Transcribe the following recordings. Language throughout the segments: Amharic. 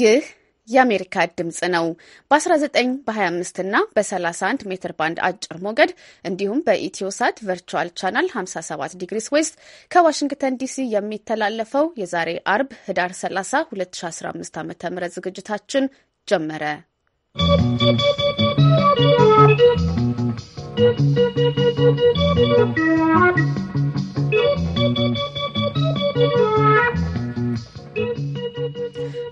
ይህ የአሜሪካ ድምፅ ነው። በ19 በ25 እና በ31 ሜትር ባንድ አጭር ሞገድ እንዲሁም በኢትዮሳት ቨርቹዋል ቻናል 57 ዲግሪስ ዌስት ከዋሽንግተን ዲሲ የሚተላለፈው የዛሬ አርብ ህዳር 30 2015 ዓ ም ዝግጅታችን ጀመረ። ¶¶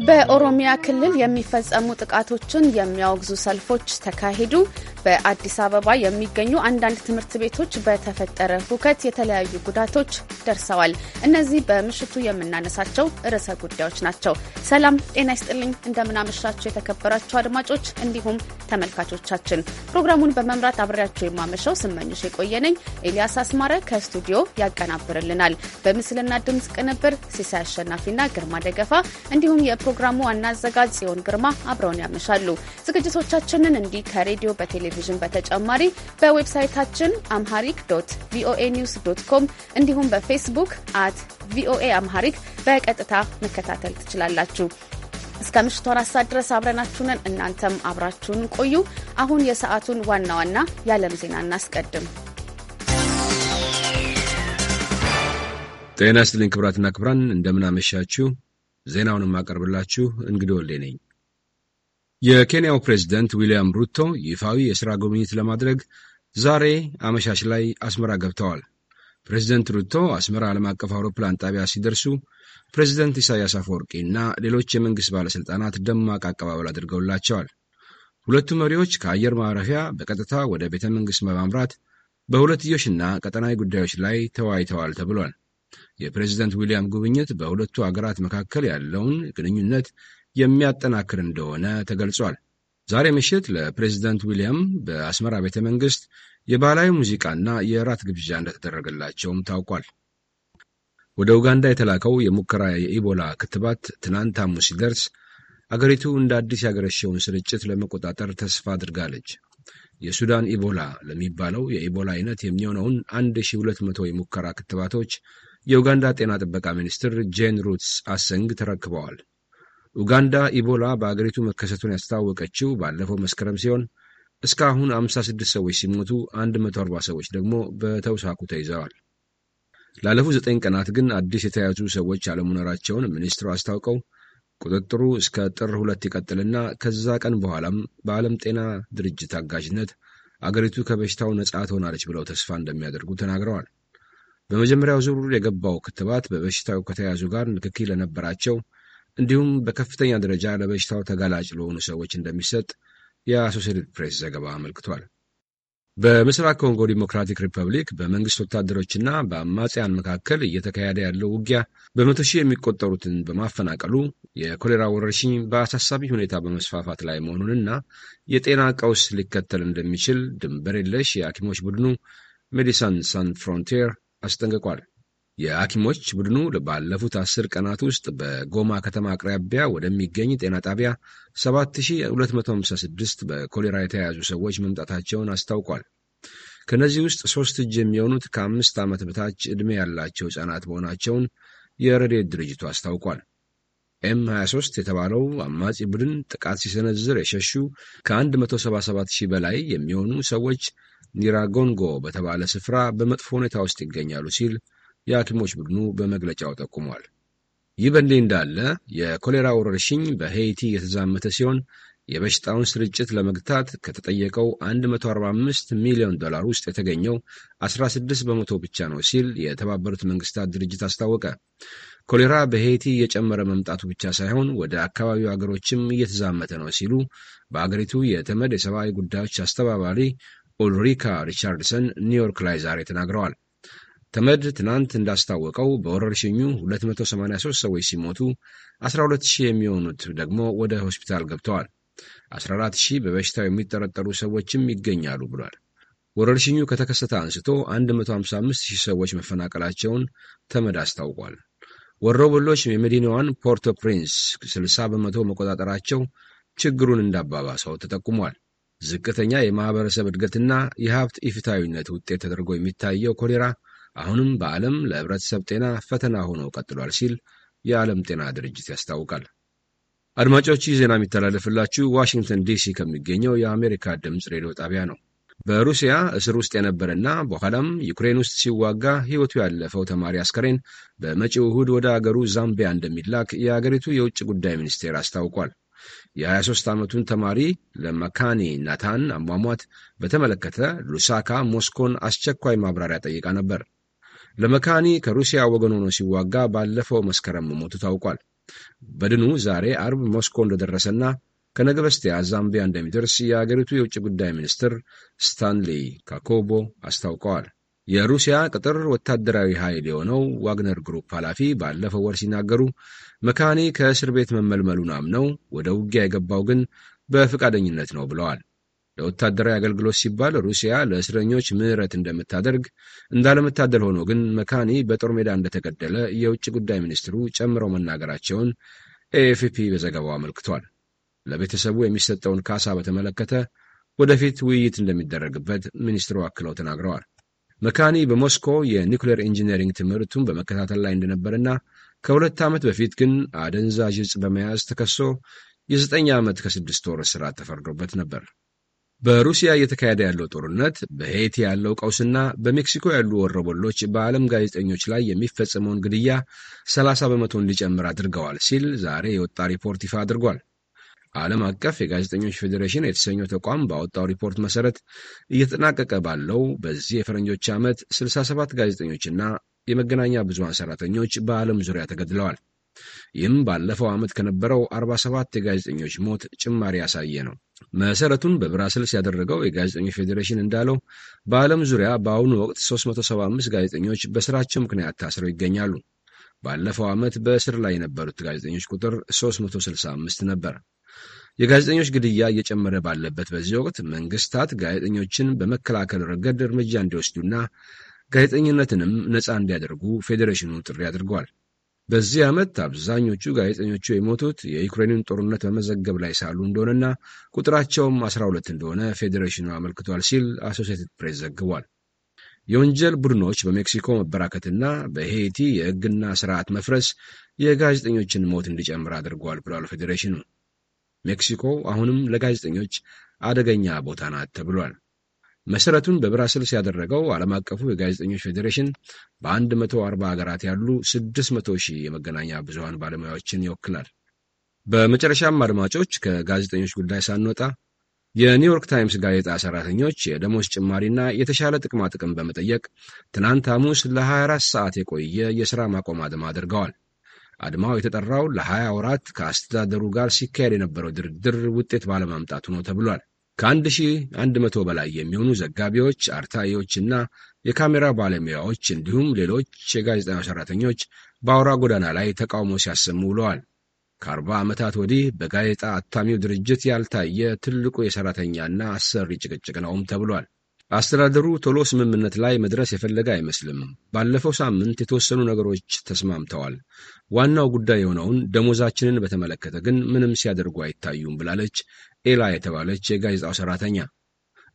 በኦሮሚያ ክልል የሚፈጸሙ ጥቃቶችን የሚያወግዙ ሰልፎች ተካሄዱ። በአዲስ አበባ የሚገኙ አንዳንድ ትምህርት ቤቶች በተፈጠረ ሁከት የተለያዩ ጉዳቶች ደርሰዋል። እነዚህ በምሽቱ የምናነሳቸው ርዕሰ ጉዳዮች ናቸው። ሰላም ጤና ይስጥልኝ፣ እንደምናመሻችሁ የተከበራችሁ አድማጮች እንዲሁም ተመልካቾቻችን። ፕሮግራሙን በመምራት አብሬያቸው የማመሻው ስመኝሽ የቆየነኝ። ኤልያስ አስማረ ከስቱዲዮ ያቀናብርልናል። በምስልና ድምፅ ቅንብር ሲሳይ አሸናፊና ግርማ ደገፋ እንዲሁም የፕሮግራሙ ዋና አዘጋጅ ጽዮን ግርማ አብረውን ያመሻሉ። ዝግጅቶቻችንን እንዲህ ከሬዲዮ በቴሌቪዥን በተጨማሪ በዌብሳይታችን አምሃሪክ ዶት ቪኦኤ ኒውስ ዶት ኮም እንዲሁም በፌስቡክ አት ቪኦኤ አምሃሪክ በቀጥታ መከታተል ትችላላችሁ። እስከ ምሽቱ አራት ሰዓት ድረስ አብረናችሁ እናንተም አብራችሁን ቆዩ። አሁን የሰዓቱን ዋና ዋና የዓለም ዜና እናስቀድም። ጤና ይስጥልኝ ክቡራትና ክቡራን እንደምን አመሻችሁ። ዜናውን የማቀርብላችሁ እንግዲ ወልዴ ነኝ። የኬንያው ፕሬዚደንት ዊልያም ሩቶ ይፋዊ የሥራ ጉብኝት ለማድረግ ዛሬ አመሻሽ ላይ አስመራ ገብተዋል። ፕሬዚደንት ሩቶ አስመራ ዓለም አቀፍ አውሮፕላን ጣቢያ ሲደርሱ ፕሬዚደንት ኢሳያስ አፈወርቂ እና ሌሎች የመንግሥት ባለሥልጣናት ደማቅ አቀባበል አድርገውላቸዋል። ሁለቱ መሪዎች ከአየር ማረፊያ በቀጥታ ወደ ቤተ መንግሥት በማምራት በሁለትዮሽና ቀጠናዊ ጉዳዮች ላይ ተወያይተዋል ተብሏል። የፕሬዚደንት ዊልያም ጉብኝት በሁለቱ አገራት መካከል ያለውን ግንኙነት የሚያጠናክር እንደሆነ ተገልጿል። ዛሬ ምሽት ለፕሬዚደንት ዊልያም በአስመራ ቤተ መንግሥት የባህላዊ ሙዚቃና የእራት ግብዣ እንደተደረገላቸውም ታውቋል። ወደ ኡጋንዳ የተላከው የሙከራ የኢቦላ ክትባት ትናንት ሐሙስ ሲደርስ አገሪቱ እንደ አዲስ ያገረሸውን ስርጭት ለመቆጣጠር ተስፋ አድርጋለች። የሱዳን ኢቦላ ለሚባለው የኢቦላ አይነት የሚሆነውን 1200 የሙከራ ክትባቶች የኡጋንዳ ጤና ጥበቃ ሚኒስትር ጄን ሩትስ አሰንግ ተረክበዋል። ኡጋንዳ ኢቦላ በአገሪቱ መከሰቱን ያስታወቀችው ባለፈው መስከረም ሲሆን እስካሁን 56 ሰዎች ሲሞቱ 140 ሰዎች ደግሞ በተውሳኩ ተይዘዋል። ላለፉት ዘጠኝ ቀናት ግን አዲስ የተያዙ ሰዎች አለመኖራቸውን ሚኒስትሩ አስታውቀው ቁጥጥሩ እስከ ጥር ሁለት ይቀጥልና ከዛ ቀን በኋላም በዓለም ጤና ድርጅት አጋዥነት አገሪቱ ከበሽታው ነጻ ትሆናለች ብለው ተስፋ እንደሚያደርጉ ተናግረዋል። በመጀመሪያው ዙር የገባው ክትባት በበሽታው ከተያዙ ጋር ንክኪ ለነበራቸው እንዲሁም በከፍተኛ ደረጃ ለበሽታው ተጋላጭ ለሆኑ ሰዎች እንደሚሰጥ የአሶሴትድ ፕሬስ ዘገባ አመልክቷል። በምስራቅ ኮንጎ ዲሞክራቲክ ሪፐብሊክ በመንግስት ወታደሮችና በአማጽያን መካከል እየተካሄደ ያለው ውጊያ በመቶ ሺህ የሚቆጠሩትን በማፈናቀሉ የኮሌራ ወረርሽኝ በአሳሳቢ ሁኔታ በመስፋፋት ላይ መሆኑንና የጤና ቀውስ ሊከተል እንደሚችል ድንበር የለሽ የሐኪሞች ቡድኑ ሜዲሳን ሳን ፍሮንቲር አስጠንቅቋል። የሐኪሞች ቡድኑ ባለፉት አስር ቀናት ውስጥ በጎማ ከተማ አቅራቢያ ወደሚገኝ ጤና ጣቢያ 7256 በኮሌራ የተያያዙ ሰዎች መምጣታቸውን አስታውቋል። ከእነዚህ ውስጥ ሦስት እጅ የሚሆኑት ከአምስት ዓመት በታች ዕድሜ ያላቸው ሕፃናት መሆናቸውን የረድኤት ድርጅቱ አስታውቋል። ኤም 23 የተባለው አማጺ ቡድን ጥቃት ሲሰነዝር የሸሹ ከ177 በላይ የሚሆኑ ሰዎች ኒራጎንጎ በተባለ ስፍራ በመጥፎ ሁኔታ ውስጥ ይገኛሉ ሲል የሐኪሞች ቡድኑ በመግለጫው ጠቁሟል። ይህ በእንዲህ እንዳለ የኮሌራ ወረርሽኝ በሄይቲ የተዛመተ ሲሆን የበሽታውን ስርጭት ለመግታት ከተጠየቀው 145 ሚሊዮን ዶላር ውስጥ የተገኘው 16 በመቶ ብቻ ነው ሲል የተባበሩት መንግስታት ድርጅት አስታወቀ። ኮሌራ በሄይቲ እየጨመረ መምጣቱ ብቻ ሳይሆን ወደ አካባቢው አገሮችም እየተዛመተ ነው ሲሉ በአገሪቱ የተመድ የሰብአዊ ጉዳዮች አስተባባሪ ኡልሪካ ሪቻርድሰን ኒውዮርክ ላይ ዛሬ ተናግረዋል። ተመድ ትናንት እንዳስታወቀው በወረርሽኙ 283 ሰዎች ሲሞቱ 12000 የሚሆኑት ደግሞ ወደ ሆስፒታል ገብተዋል። 14000 በበሽታው የሚጠረጠሩ ሰዎችም ይገኛሉ ብሏል። ወረርሽኙ ከተከሰተ አንስቶ 155000 ሰዎች መፈናቀላቸውን ተመድ አስታውቋል። ወሮበሎች የመዲናዋን ፖርቶ ፕሪንስ 60 በመቶ መቆጣጠራቸው ችግሩን እንዳባባሰው ተጠቁሟል። ዝቅተኛ የማህበረሰብ እድገትና የሀብት ኢፍታዊነት ውጤት ተደርጎ የሚታየው ኮሌራ አሁንም በዓለም ለህብረተሰብ ጤና ፈተና ሆኖ ቀጥሏል ሲል የዓለም ጤና ድርጅት ያስታውቃል። አድማጮች ይህ ዜና የሚተላለፍላችሁ ዋሽንግተን ዲሲ ከሚገኘው የአሜሪካ ድምፅ ሬዲዮ ጣቢያ ነው። በሩሲያ እስር ውስጥ የነበረና በኋላም ዩክሬን ውስጥ ሲዋጋ ሕይወቱ ያለፈው ተማሪ አስከሬን በመጪው እሁድ ወደ አገሩ ዛምቢያ እንደሚላክ የአገሪቱ የውጭ ጉዳይ ሚኒስቴር አስታውቋል። የ23 ዓመቱን ተማሪ ለመካኒ ናታን አሟሟት በተመለከተ ሉሳካ ሞስኮን አስቸኳይ ማብራሪያ ጠይቃ ነበር። ለመካኒ ከሩሲያ ወገን ሆኖ ሲዋጋ ባለፈው መስከረም መሞቱ ታውቋል። በድኑ ዛሬ አርብ ሞስኮ እንደደረሰና ከነገ በስቲያ ዛምቢያ እንደሚደርስ የአገሪቱ የውጭ ጉዳይ ሚኒስትር ስታንሊ ካኮቦ አስታውቀዋል። የሩሲያ ቅጥር ወታደራዊ ኃይል የሆነው ዋግነር ግሩፕ ኃላፊ ባለፈው ወር ሲናገሩ መካኔ ከእስር ቤት መመልመሉን አምነው ወደ ውጊያ የገባው ግን በፈቃደኝነት ነው ብለዋል። ለወታደራዊ አገልግሎት ሲባል ሩሲያ ለእስረኞች ምሕረት እንደምታደርግ እንዳለመታደል ሆኖ ግን መካኒ በጦር ሜዳ እንደተገደለ የውጭ ጉዳይ ሚኒስትሩ ጨምረው መናገራቸውን ኤኤፍፒ በዘገባው አመልክቷል። ለቤተሰቡ የሚሰጠውን ካሳ በተመለከተ ወደፊት ውይይት እንደሚደረግበት ሚኒስትሩ አክለው ተናግረዋል። መካኒ በሞስኮ የኒኩሌር ኢንጂነሪንግ ትምህርቱን በመከታተል ላይ እንደነበርና ከሁለት ዓመት በፊት ግን አደንዛዥ ጅጽ በመያዝ ተከሶ የዘጠኝ ዓመት ከስድስት ወር እስራት ተፈርዶበት ነበር። በሩሲያ እየተካሄደ ያለው ጦርነት፣ በሄይቲ ያለው ቀውስና በሜክሲኮ ያሉ ወረበሎች በዓለም ጋዜጠኞች ላይ የሚፈጸመውን ግድያ 30 በመቶ እንዲጨምር አድርገዋል ሲል ዛሬ የወጣ ሪፖርት ይፋ አድርጓል። ዓለም አቀፍ የጋዜጠኞች ፌዴሬሽን የተሰኘው ተቋም ባወጣው ሪፖርት መሰረት እየተጠናቀቀ ባለው በዚህ የፈረንጆች ዓመት 67 ጋዜጠኞችና የመገናኛ ብዙሃን ሰራተኞች በዓለም ዙሪያ ተገድለዋል። ይህም ባለፈው ዓመት ከነበረው 47 የጋዜጠኞች ሞት ጭማሪ ያሳየ ነው። መሰረቱን በብራስልስ ያደረገው የጋዜጠኞች ፌዴሬሽን እንዳለው በዓለም ዙሪያ በአሁኑ ወቅት 375 ጋዜጠኞች በስራቸው ምክንያት ታስረው ይገኛሉ። ባለፈው ዓመት በእስር ላይ የነበሩት ጋዜጠኞች ቁጥር 365 ነበር። የጋዜጠኞች ግድያ እየጨመረ ባለበት በዚህ ወቅት መንግስታት ጋዜጠኞችን በመከላከል ረገድ እርምጃ እንዲወስዱና ጋዜጠኝነትንም ነፃ እንዲያደርጉ ፌዴሬሽኑ ጥሪ አድርገዋል። በዚህ ዓመት አብዛኞቹ ጋዜጠኞቹ የሞቱት የዩክሬንን ጦርነት በመዘገብ ላይ ሳሉ እንደሆነና ቁጥራቸውም 12 እንደሆነ ፌዴሬሽኑ አመልክቷል ሲል አሶሴትድ ፕሬስ ዘግቧል። የወንጀል ቡድኖች በሜክሲኮ መበራከትና በሄይቲ የሕግና ስርዓት መፍረስ የጋዜጠኞችን ሞት እንዲጨምር አድርጓል ብሏል ፌዴሬሽኑ። ሜክሲኮ አሁንም ለጋዜጠኞች አደገኛ ቦታ ናት ተብሏል። መሠረቱን በብራስልስ ያደረገው ዓለም አቀፉ የጋዜጠኞች ፌዴሬሽን በ140 ሀገራት ያሉ 600 ሺህ የመገናኛ ብዙሃን ባለሙያዎችን ይወክላል። በመጨረሻም አድማጮች፣ ከጋዜጠኞች ጉዳይ ሳንወጣ የኒውዮርክ ታይምስ ጋዜጣ ሰራተኞች የደሞዝ ጭማሪና የተሻለ ጥቅማ ጥቅም በመጠየቅ ትናንት ሐሙስ ለ24 ሰዓት የቆየ የሥራ ማቆም አድማ አድርገዋል። አድማው የተጠራው ለ20 ወራት ከአስተዳደሩ ጋር ሲካሄድ የነበረው ድርድር ውጤት ባለማምጣቱ ነው ተብሏል። ከ1100 በላይ የሚሆኑ ዘጋቢዎች፣ አርታኢዎችና የካሜራ ባለሙያዎች እንዲሁም ሌሎች የጋዜጠኛ ሠራተኞች በአውራ ጎዳና ላይ ተቃውሞ ሲያሰሙ ውለዋል። ከአርባ ዓመታት ወዲህ በጋዜጣ አታሚው ድርጅት ያልታየ ትልቁ የሠራተኛና አሰሪ ጭቅጭቅ ነውም ተብሏል። አስተዳደሩ ቶሎ ስምምነት ላይ መድረስ የፈለገ አይመስልም። ባለፈው ሳምንት የተወሰኑ ነገሮች ተስማምተዋል። ዋናው ጉዳይ የሆነውን ደሞዛችንን በተመለከተ ግን ምንም ሲያደርጉ አይታዩም ብላለች ኤላ የተባለች የጋዜጣው ሰራተኛ።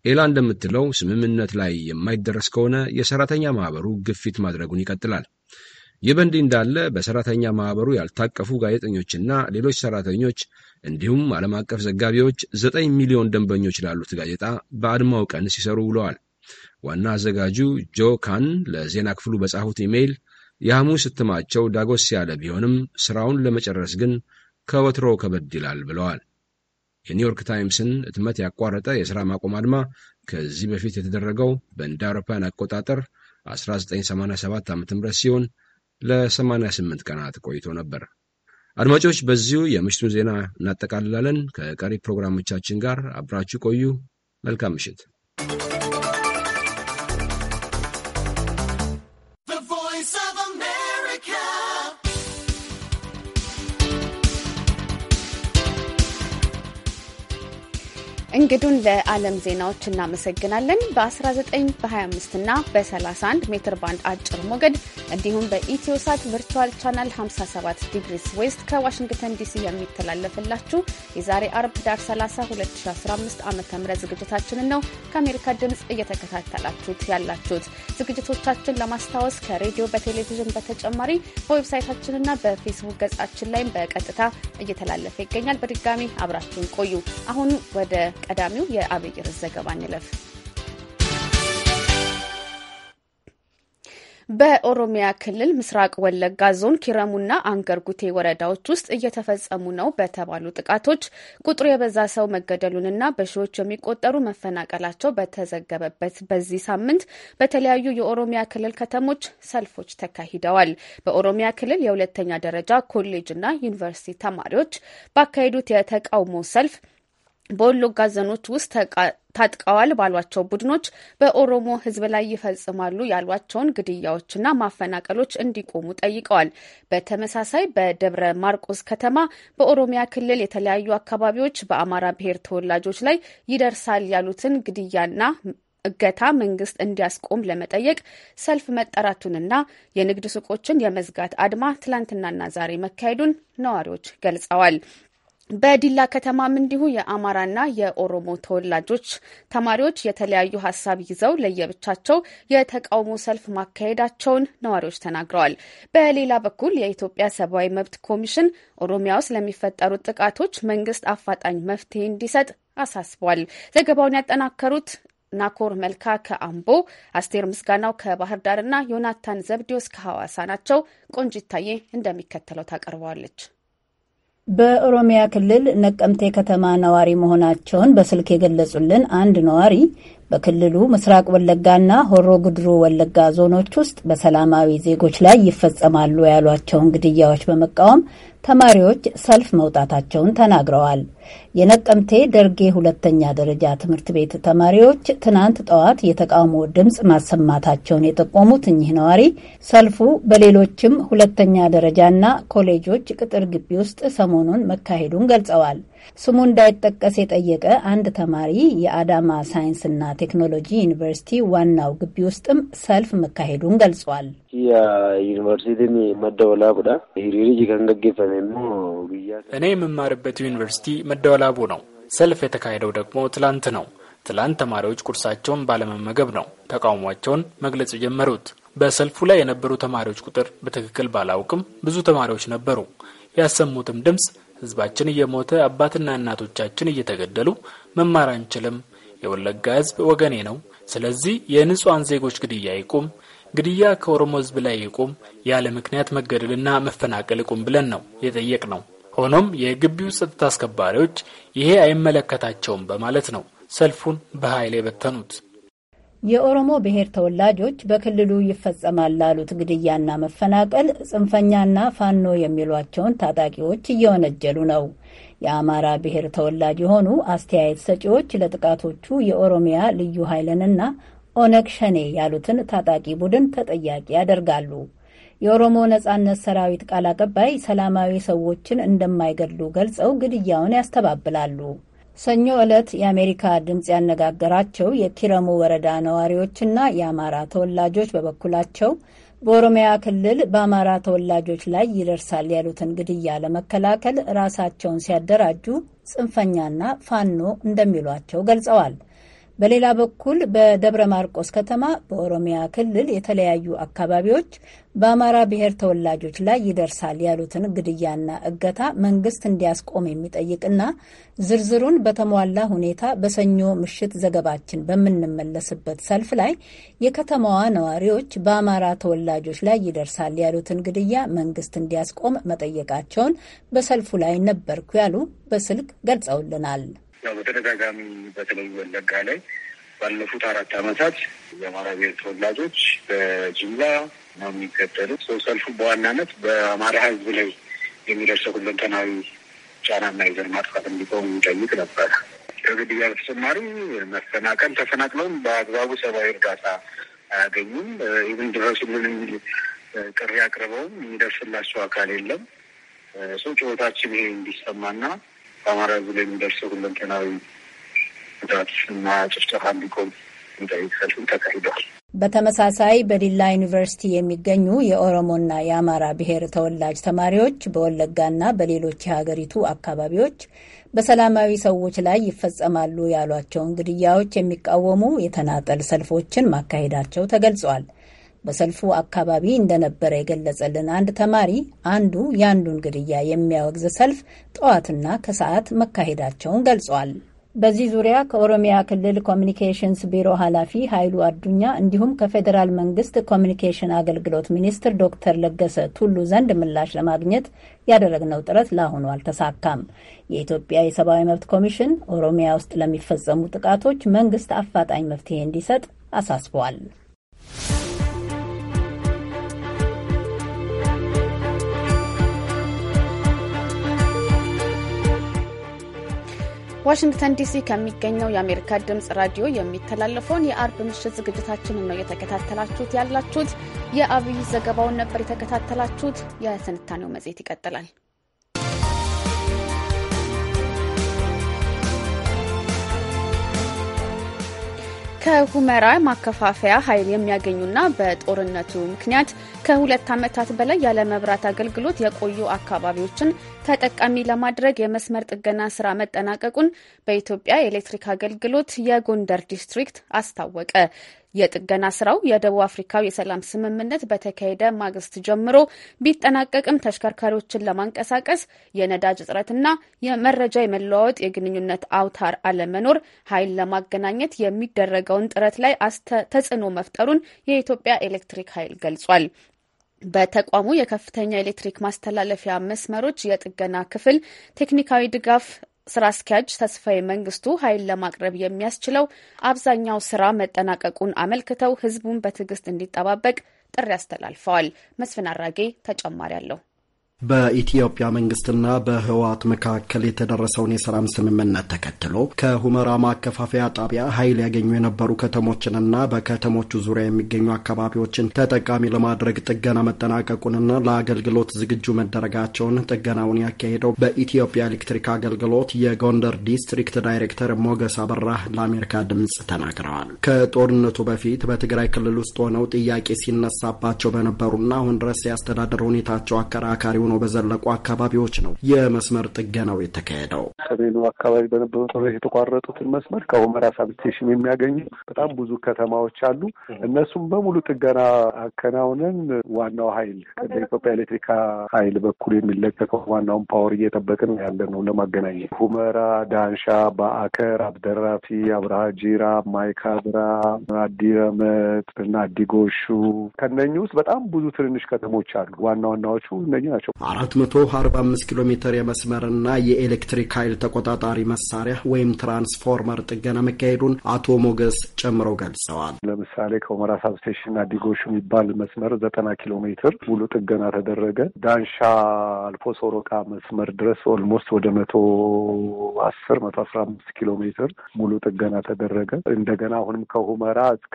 ኤላ እንደምትለው ስምምነት ላይ የማይደረስ ከሆነ የሰራተኛ ማኅበሩ ግፊት ማድረጉን ይቀጥላል። ይህ በእንዲህ እንዳለ በሰራተኛ ማኅበሩ ያልታቀፉ ጋዜጠኞችና ሌሎች ሰራተኞች እንዲሁም ዓለም አቀፍ ዘጋቢዎች ዘጠኝ ሚሊዮን ደንበኞች ላሉት ጋዜጣ በአድማው ቀን ሲሰሩ ውለዋል። ዋና አዘጋጁ ጆ ካን ለዜና ክፍሉ በጻፉት ኢሜይል የሐሙስ እትማቸው ዳጎስ ያለ ቢሆንም ሥራውን ለመጨረስ ግን ከወትሮ ከበድ ይላል ብለዋል። የኒውዮርክ ታይምስን እትመት ያቋረጠ የሥራ ማቆም አድማ ከዚህ በፊት የተደረገው በእንደ አውሮፓውያን አቆጣጠር 1987 ዓ.ም ሲሆን ለ88 ቀናት ቆይቶ ነበር። አድማጮች፣ በዚሁ የምሽቱን ዜና እናጠቃልላለን። ከቀሪ ፕሮግራሞቻችን ጋር አብራችሁ ቆዩ። መልካም ምሽት። እንግዱን ለዓለም ዜናዎች እናመሰግናለን። በ19 በ25 እና በ31 ሜትር ባንድ አጭር ሞገድ እንዲሁም በኢትዮሳት ቨርቹዋል ቻናል 57 ዲግሪስ ዌስት ከዋሽንግተን ዲሲ የሚተላለፍላችሁ የዛሬ አርብ ዳር 30 2015 ዓ ም ዝግጅታችንን ነው ከአሜሪካ ድምፅ እየተከታተላችሁት ያላችሁት። ዝግጅቶቻችን ለማስታወስ ከሬዲዮ በቴሌቪዥን በተጨማሪ በዌብሳይታችንና በፌስቡክ ገጻችን ላይም በቀጥታ እየተላለፈ ይገኛል። በድጋሚ አብራችሁን ቆዩ። አሁን ወደ ቀዳሚው የአብይር ዘገባ እንለፍ። በኦሮሚያ ክልል ምስራቅ ወለጋ ዞን ኪረሙና አንገር ጉቴ ወረዳዎች ውስጥ እየተፈጸሙ ነው በተባሉ ጥቃቶች ቁጥሩ የበዛ ሰው መገደሉንና በሺዎች የሚቆጠሩ መፈናቀላቸው በተዘገበበት በዚህ ሳምንት በተለያዩ የኦሮሚያ ክልል ከተሞች ሰልፎች ተካሂደዋል። በኦሮሚያ ክልል የሁለተኛ ደረጃ ኮሌጅና ዩኒቨርሲቲ ተማሪዎች ባካሄዱት የተቃውሞ ሰልፍ በወለጋ ዞኖች ውስጥ ታጥቀዋል ባሏቸው ቡድኖች በኦሮሞ ሕዝብ ላይ ይፈጽማሉ ያሏቸውን ግድያዎችና ማፈናቀሎች እንዲቆሙ ጠይቀዋል። በተመሳሳይ በደብረ ማርቆስ ከተማ በኦሮሚያ ክልል የተለያዩ አካባቢዎች በአማራ ብሔር ተወላጆች ላይ ይደርሳል ያሉትን ግድያና እገታ መንግስት እንዲያስቆም ለመጠየቅ ሰልፍ መጠራቱንና የንግድ ሱቆችን የመዝጋት አድማ ትላንትናና ዛሬ መካሄዱን ነዋሪዎች ገልጸዋል። በዲላ ከተማም እንዲሁ የአማራና የኦሮሞ ተወላጆች ተማሪዎች የተለያዩ ሀሳብ ይዘው ለየብቻቸው የተቃውሞ ሰልፍ ማካሄዳቸውን ነዋሪዎች ተናግረዋል። በሌላ በኩል የኢትዮጵያ ሰብአዊ መብት ኮሚሽን ኦሮሚያ ውስጥ ለሚፈጠሩት ጥቃቶች መንግስት አፋጣኝ መፍትሄ እንዲሰጥ አሳስቧል። ዘገባውን ያጠናከሩት ናኮር መልካ ከአምቦ፣ አስቴር ምስጋናው ከባህር ዳርና ዮናታን ዘብዲዮስ ከሐዋሳ ናቸው። ቆንጂታዬ እንደሚከተለው ታቀርበዋለች። በኦሮሚያ ክልል ነቀምቴ ከተማ ነዋሪ መሆናቸውን በስልክ የገለጹልን አንድ ነዋሪ በክልሉ ምስራቅ ወለጋና ሆሮ ጉድሩ ወለጋ ዞኖች ውስጥ በሰላማዊ ዜጎች ላይ ይፈጸማሉ ያሏቸውን ግድያዎች በመቃወም ተማሪዎች ሰልፍ መውጣታቸውን ተናግረዋል። የነቀምቴ ደርጌ ሁለተኛ ደረጃ ትምህርት ቤት ተማሪዎች ትናንት ጠዋት የተቃውሞ ድምፅ ማሰማታቸውን የጠቆሙት እኚህ ነዋሪ ሰልፉ በሌሎችም ሁለተኛ ደረጃና ኮሌጆች ቅጥር ግቢ ውስጥ ሰሞኑን መካሄዱን ገልጸዋል። ስሙ እንዳይጠቀስ የጠየቀ አንድ ተማሪ የአዳማ ሳይንስና ቴክኖሎጂ ዩኒቨርሲቲ ዋናው ግቢ ውስጥም ሰልፍ መካሄዱን ገልጿል። ዩኒቨርሲቲ መደወላ እኔ የምማርበት ዩኒቨርሲቲ መደወላቡ ነው። ሰልፍ የተካሄደው ደግሞ ትላንት ነው። ትላንት ተማሪዎች ቁርሳቸውን ባለመመገብ ነው ተቃውሟቸውን መግለጽ የጀመሩት። በሰልፉ ላይ የነበሩ ተማሪዎች ቁጥር በትክክል ባላውቅም ብዙ ተማሪዎች ነበሩ። ያሰሙትም ድምፅ ህዝባችን እየሞተ አባትና እናቶቻችን እየተገደሉ መማር አንችልም። የወለጋ ህዝብ ወገኔ ነው። ስለዚህ የንጹሐን ዜጎች ግድያ ይቁም፣ ግድያ ከኦሮሞ ህዝብ ላይ ይቁም፣ ያለ ምክንያት መገደልና መፈናቀል ይቁም ብለን ነው የጠየቅ ነው። ሆኖም የግቢው ጸጥታ አስከባሪዎች ይሄ አይመለከታቸውም በማለት ነው ሰልፉን በኃይል የበተኑት። የኦሮሞ ብሔር ተወላጆች በክልሉ ይፈጸማል ላሉት ግድያና መፈናቀል ጽንፈኛና ፋኖ የሚሏቸውን ታጣቂዎች እየወነጀሉ ነው። የአማራ ብሔር ተወላጅ የሆኑ አስተያየት ሰጪዎች ለጥቃቶቹ የኦሮሚያ ልዩ ኃይልንና ኦነግ ሸኔ ያሉትን ታጣቂ ቡድን ተጠያቂ ያደርጋሉ። የኦሮሞ ነጻነት ሰራዊት ቃል አቀባይ ሰላማዊ ሰዎችን እንደማይገድሉ ገልጸው ግድያውን ያስተባብላሉ። ሰኞ ዕለት የአሜሪካ ድምፅ ያነጋገራቸው የኪረሙ ወረዳ ነዋሪዎችና የአማራ ተወላጆች በበኩላቸው በኦሮሚያ ክልል በአማራ ተወላጆች ላይ ይደርሳል ያሉትን ግድያ ለመከላከል ራሳቸውን ሲያደራጁ ጽንፈኛና ፋኖ እንደሚሏቸው ገልጸዋል። በሌላ በኩል በደብረ ማርቆስ ከተማ በኦሮሚያ ክልል የተለያዩ አካባቢዎች በአማራ ብሔር ተወላጆች ላይ ይደርሳል ያሉትን ግድያና እገታ መንግስት እንዲያስቆም የሚጠይቅና ዝርዝሩን በተሟላ ሁኔታ በሰኞ ምሽት ዘገባችን በምንመለስበት ሰልፍ ላይ የከተማዋ ነዋሪዎች በአማራ ተወላጆች ላይ ይደርሳል ያሉትን ግድያ መንግስት እንዲያስቆም መጠየቃቸውን በሰልፉ ላይ ነበርኩ ያሉ በስልክ ገልጸውልናል። ያው በተደጋጋሚ በተለይ ወለጋ ላይ ባለፉት አራት ዓመታት የአማራ ብሔር ተወላጆች በጅምላ ነው የሚገደሉት። ሰው ሰልፉ በዋናነት በአማራ ሕዝብ ላይ የሚደርሰው ሁለንተናዊ ጫናና የዘር ማጥፋት እንዲቆም የሚጠይቅ ነበር። ከግድያ በተጨማሪ መፈናቀል፣ ተፈናቅለውም በአግባቡ ሰብአዊ እርዳታ አያገኙም። ኢቭን ድረሱልን የሚል ጥሪ አቅርበውም የሚደርስላቸው አካል የለም። ሰው ጩኸታችን ይሄ እንዲሰማና በአማራ ሕዝብ ላይ የሚደርሰው ሁለንተናዊ ጉዳት እና ጭፍጨፋ እንዲቆም ተካሂዷል። በተመሳሳይ በዲላ ዩኒቨርሲቲ የሚገኙ የኦሮሞና የአማራ ብሔር ተወላጅ ተማሪዎች በወለጋና በሌሎች የሀገሪቱ አካባቢዎች በሰላማዊ ሰዎች ላይ ይፈጸማሉ ያሏቸውን ግድያዎች የሚቃወሙ የተናጠል ሰልፎችን ማካሄዳቸው ተገልጿል። በሰልፉ አካባቢ እንደነበረ የገለጸልን አንድ ተማሪ አንዱ የአንዱን ግድያ የሚያወግዝ ሰልፍ ጠዋትና ከሰዓት መካሄዳቸውን ገልጿል። በዚህ ዙሪያ ከኦሮሚያ ክልል ኮሚኒኬሽንስ ቢሮ ኃላፊ ኃይሉ አዱኛ እንዲሁም ከፌዴራል መንግስት ኮሚኒኬሽን አገልግሎት ሚኒስትር ዶክተር ለገሰ ቱሉ ዘንድ ምላሽ ለማግኘት ያደረግነው ጥረት ለአሁኑ አልተሳካም። የኢትዮጵያ የሰብአዊ መብት ኮሚሽን ኦሮሚያ ውስጥ ለሚፈጸሙ ጥቃቶች መንግስት አፋጣኝ መፍትሄ እንዲሰጥ አሳስቧል። ዋሽንግተን ዲሲ ከሚገኘው የአሜሪካ ድምፅ ራዲዮ የሚተላለፈውን የአርብ ምሽት ዝግጅታችንን ነው የተከታተላችሁት ያላችሁት። የአብይ ዘገባውን ነበር የተከታተላችሁት። የትንታኔው መጽሔት ይቀጥላል። ከሁመራ ማከፋፈያ ኃይል የሚያገኙና በጦርነቱ ምክንያት ከሁለት ዓመታት በላይ ያለ መብራት አገልግሎት የቆዩ አካባቢዎችን ተጠቃሚ ለማድረግ የመስመር ጥገና ስራ መጠናቀቁን በኢትዮጵያ የኤሌክትሪክ አገልግሎት የጎንደር ዲስትሪክት አስታወቀ። የጥገና ስራው የደቡብ አፍሪካው የሰላም ስምምነት በተካሄደ ማግስት ጀምሮ ቢጠናቀቅም ተሽከርካሪዎችን ለማንቀሳቀስ የነዳጅ እጥረትና የመረጃ የመለዋወጥ የግንኙነት አውታር አለመኖር ኃይል ለማገናኘት የሚደረገውን ጥረት ላይ ተጽዕኖ መፍጠሩን የኢትዮጵያ ኤሌክትሪክ ኃይል ገልጿል። በተቋሙ የከፍተኛ ኤሌክትሪክ ማስተላለፊያ መስመሮች የጥገና ክፍል ቴክኒካዊ ድጋፍ ስራ አስኪያጅ ተስፋዬ መንግስቱ ኃይል ለማቅረብ የሚያስችለው አብዛኛው ስራ መጠናቀቁን አመልክተው ህዝቡን በትዕግስት እንዲጠባበቅ ጥሪ አስተላልፈዋል። መስፍን አራጌ ተጨማሪ አለው። በኢትዮጵያ መንግስትና በህወሓት መካከል የተደረሰውን የሰላም ስምምነት ተከትሎ ከሁመራ ማከፋፈያ ጣቢያ ኃይል ያገኙ የነበሩ ከተሞችንና በከተሞቹ ዙሪያ የሚገኙ አካባቢዎችን ተጠቃሚ ለማድረግ ጥገና መጠናቀቁንና ለአገልግሎት ዝግጁ መደረጋቸውን ጥገናውን ያካሄደው በኢትዮጵያ ኤሌክትሪክ አገልግሎት የጎንደር ዲስትሪክት ዳይሬክተር ሞገስ አበራ ለአሜሪካ ድምፅ ተናግረዋል። ከጦርነቱ በፊት በትግራይ ክልል ውስጥ ሆነው ጥያቄ ሲነሳባቸው በነበሩና አሁን ድረስ ያስተዳደር ሁኔታቸው አከራካሪ ሆኖ በዘለቁ አካባቢዎች ነው የመስመር ጥገናው የተካሄደው። ሰሜኑ አካባቢ በነበሩ የተቋረጡትን መስመር ከሁመራ ሳብስቴሽን የሚያገኙ በጣም ብዙ ከተማዎች አሉ። እነሱም በሙሉ ጥገና አከናውነን ዋናው ኃይል ከኢትዮጵያ ኤሌክትሪካ ኃይል በኩል የሚለቀቀው ዋናውን ፓወር እየጠበቅን ያለ ነው ለማገናኘት ሁመራ፣ ዳንሻ፣ በአከር፣ አብደራፊ፣ አብርሃ ጂራ፣ ማይካድራ፣ አዲረመጥ እና አዲጎሹ ከነኝ ውስጥ በጣም ብዙ ትንንሽ ከተሞች አሉ። ዋና ዋናዎቹ እነ ናቸው። 445 ኪሎ ሜትር የመስመርና የኤሌክትሪክ ኃይል ተቆጣጣሪ መሳሪያ ወይም ትራንስፎርመር ጥገና መካሄዱን አቶ ሞገስ ጨምረው ገልጸዋል። ለምሳሌ ከሁመራ ሳብስቴሽን ዲጎሹ የሚባል መስመር ዘጠና ኪሎ ሜትር ሙሉ ጥገና ተደረገ። ዳንሻ አልፎ ሶሮቃ መስመር ድረስ ኦልሞስት ወደ መቶ አስር መቶ አስራ አምስት ኪሎ ሜትር ሙሉ ጥገና ተደረገ። እንደገና አሁንም ከሁመራ እስከ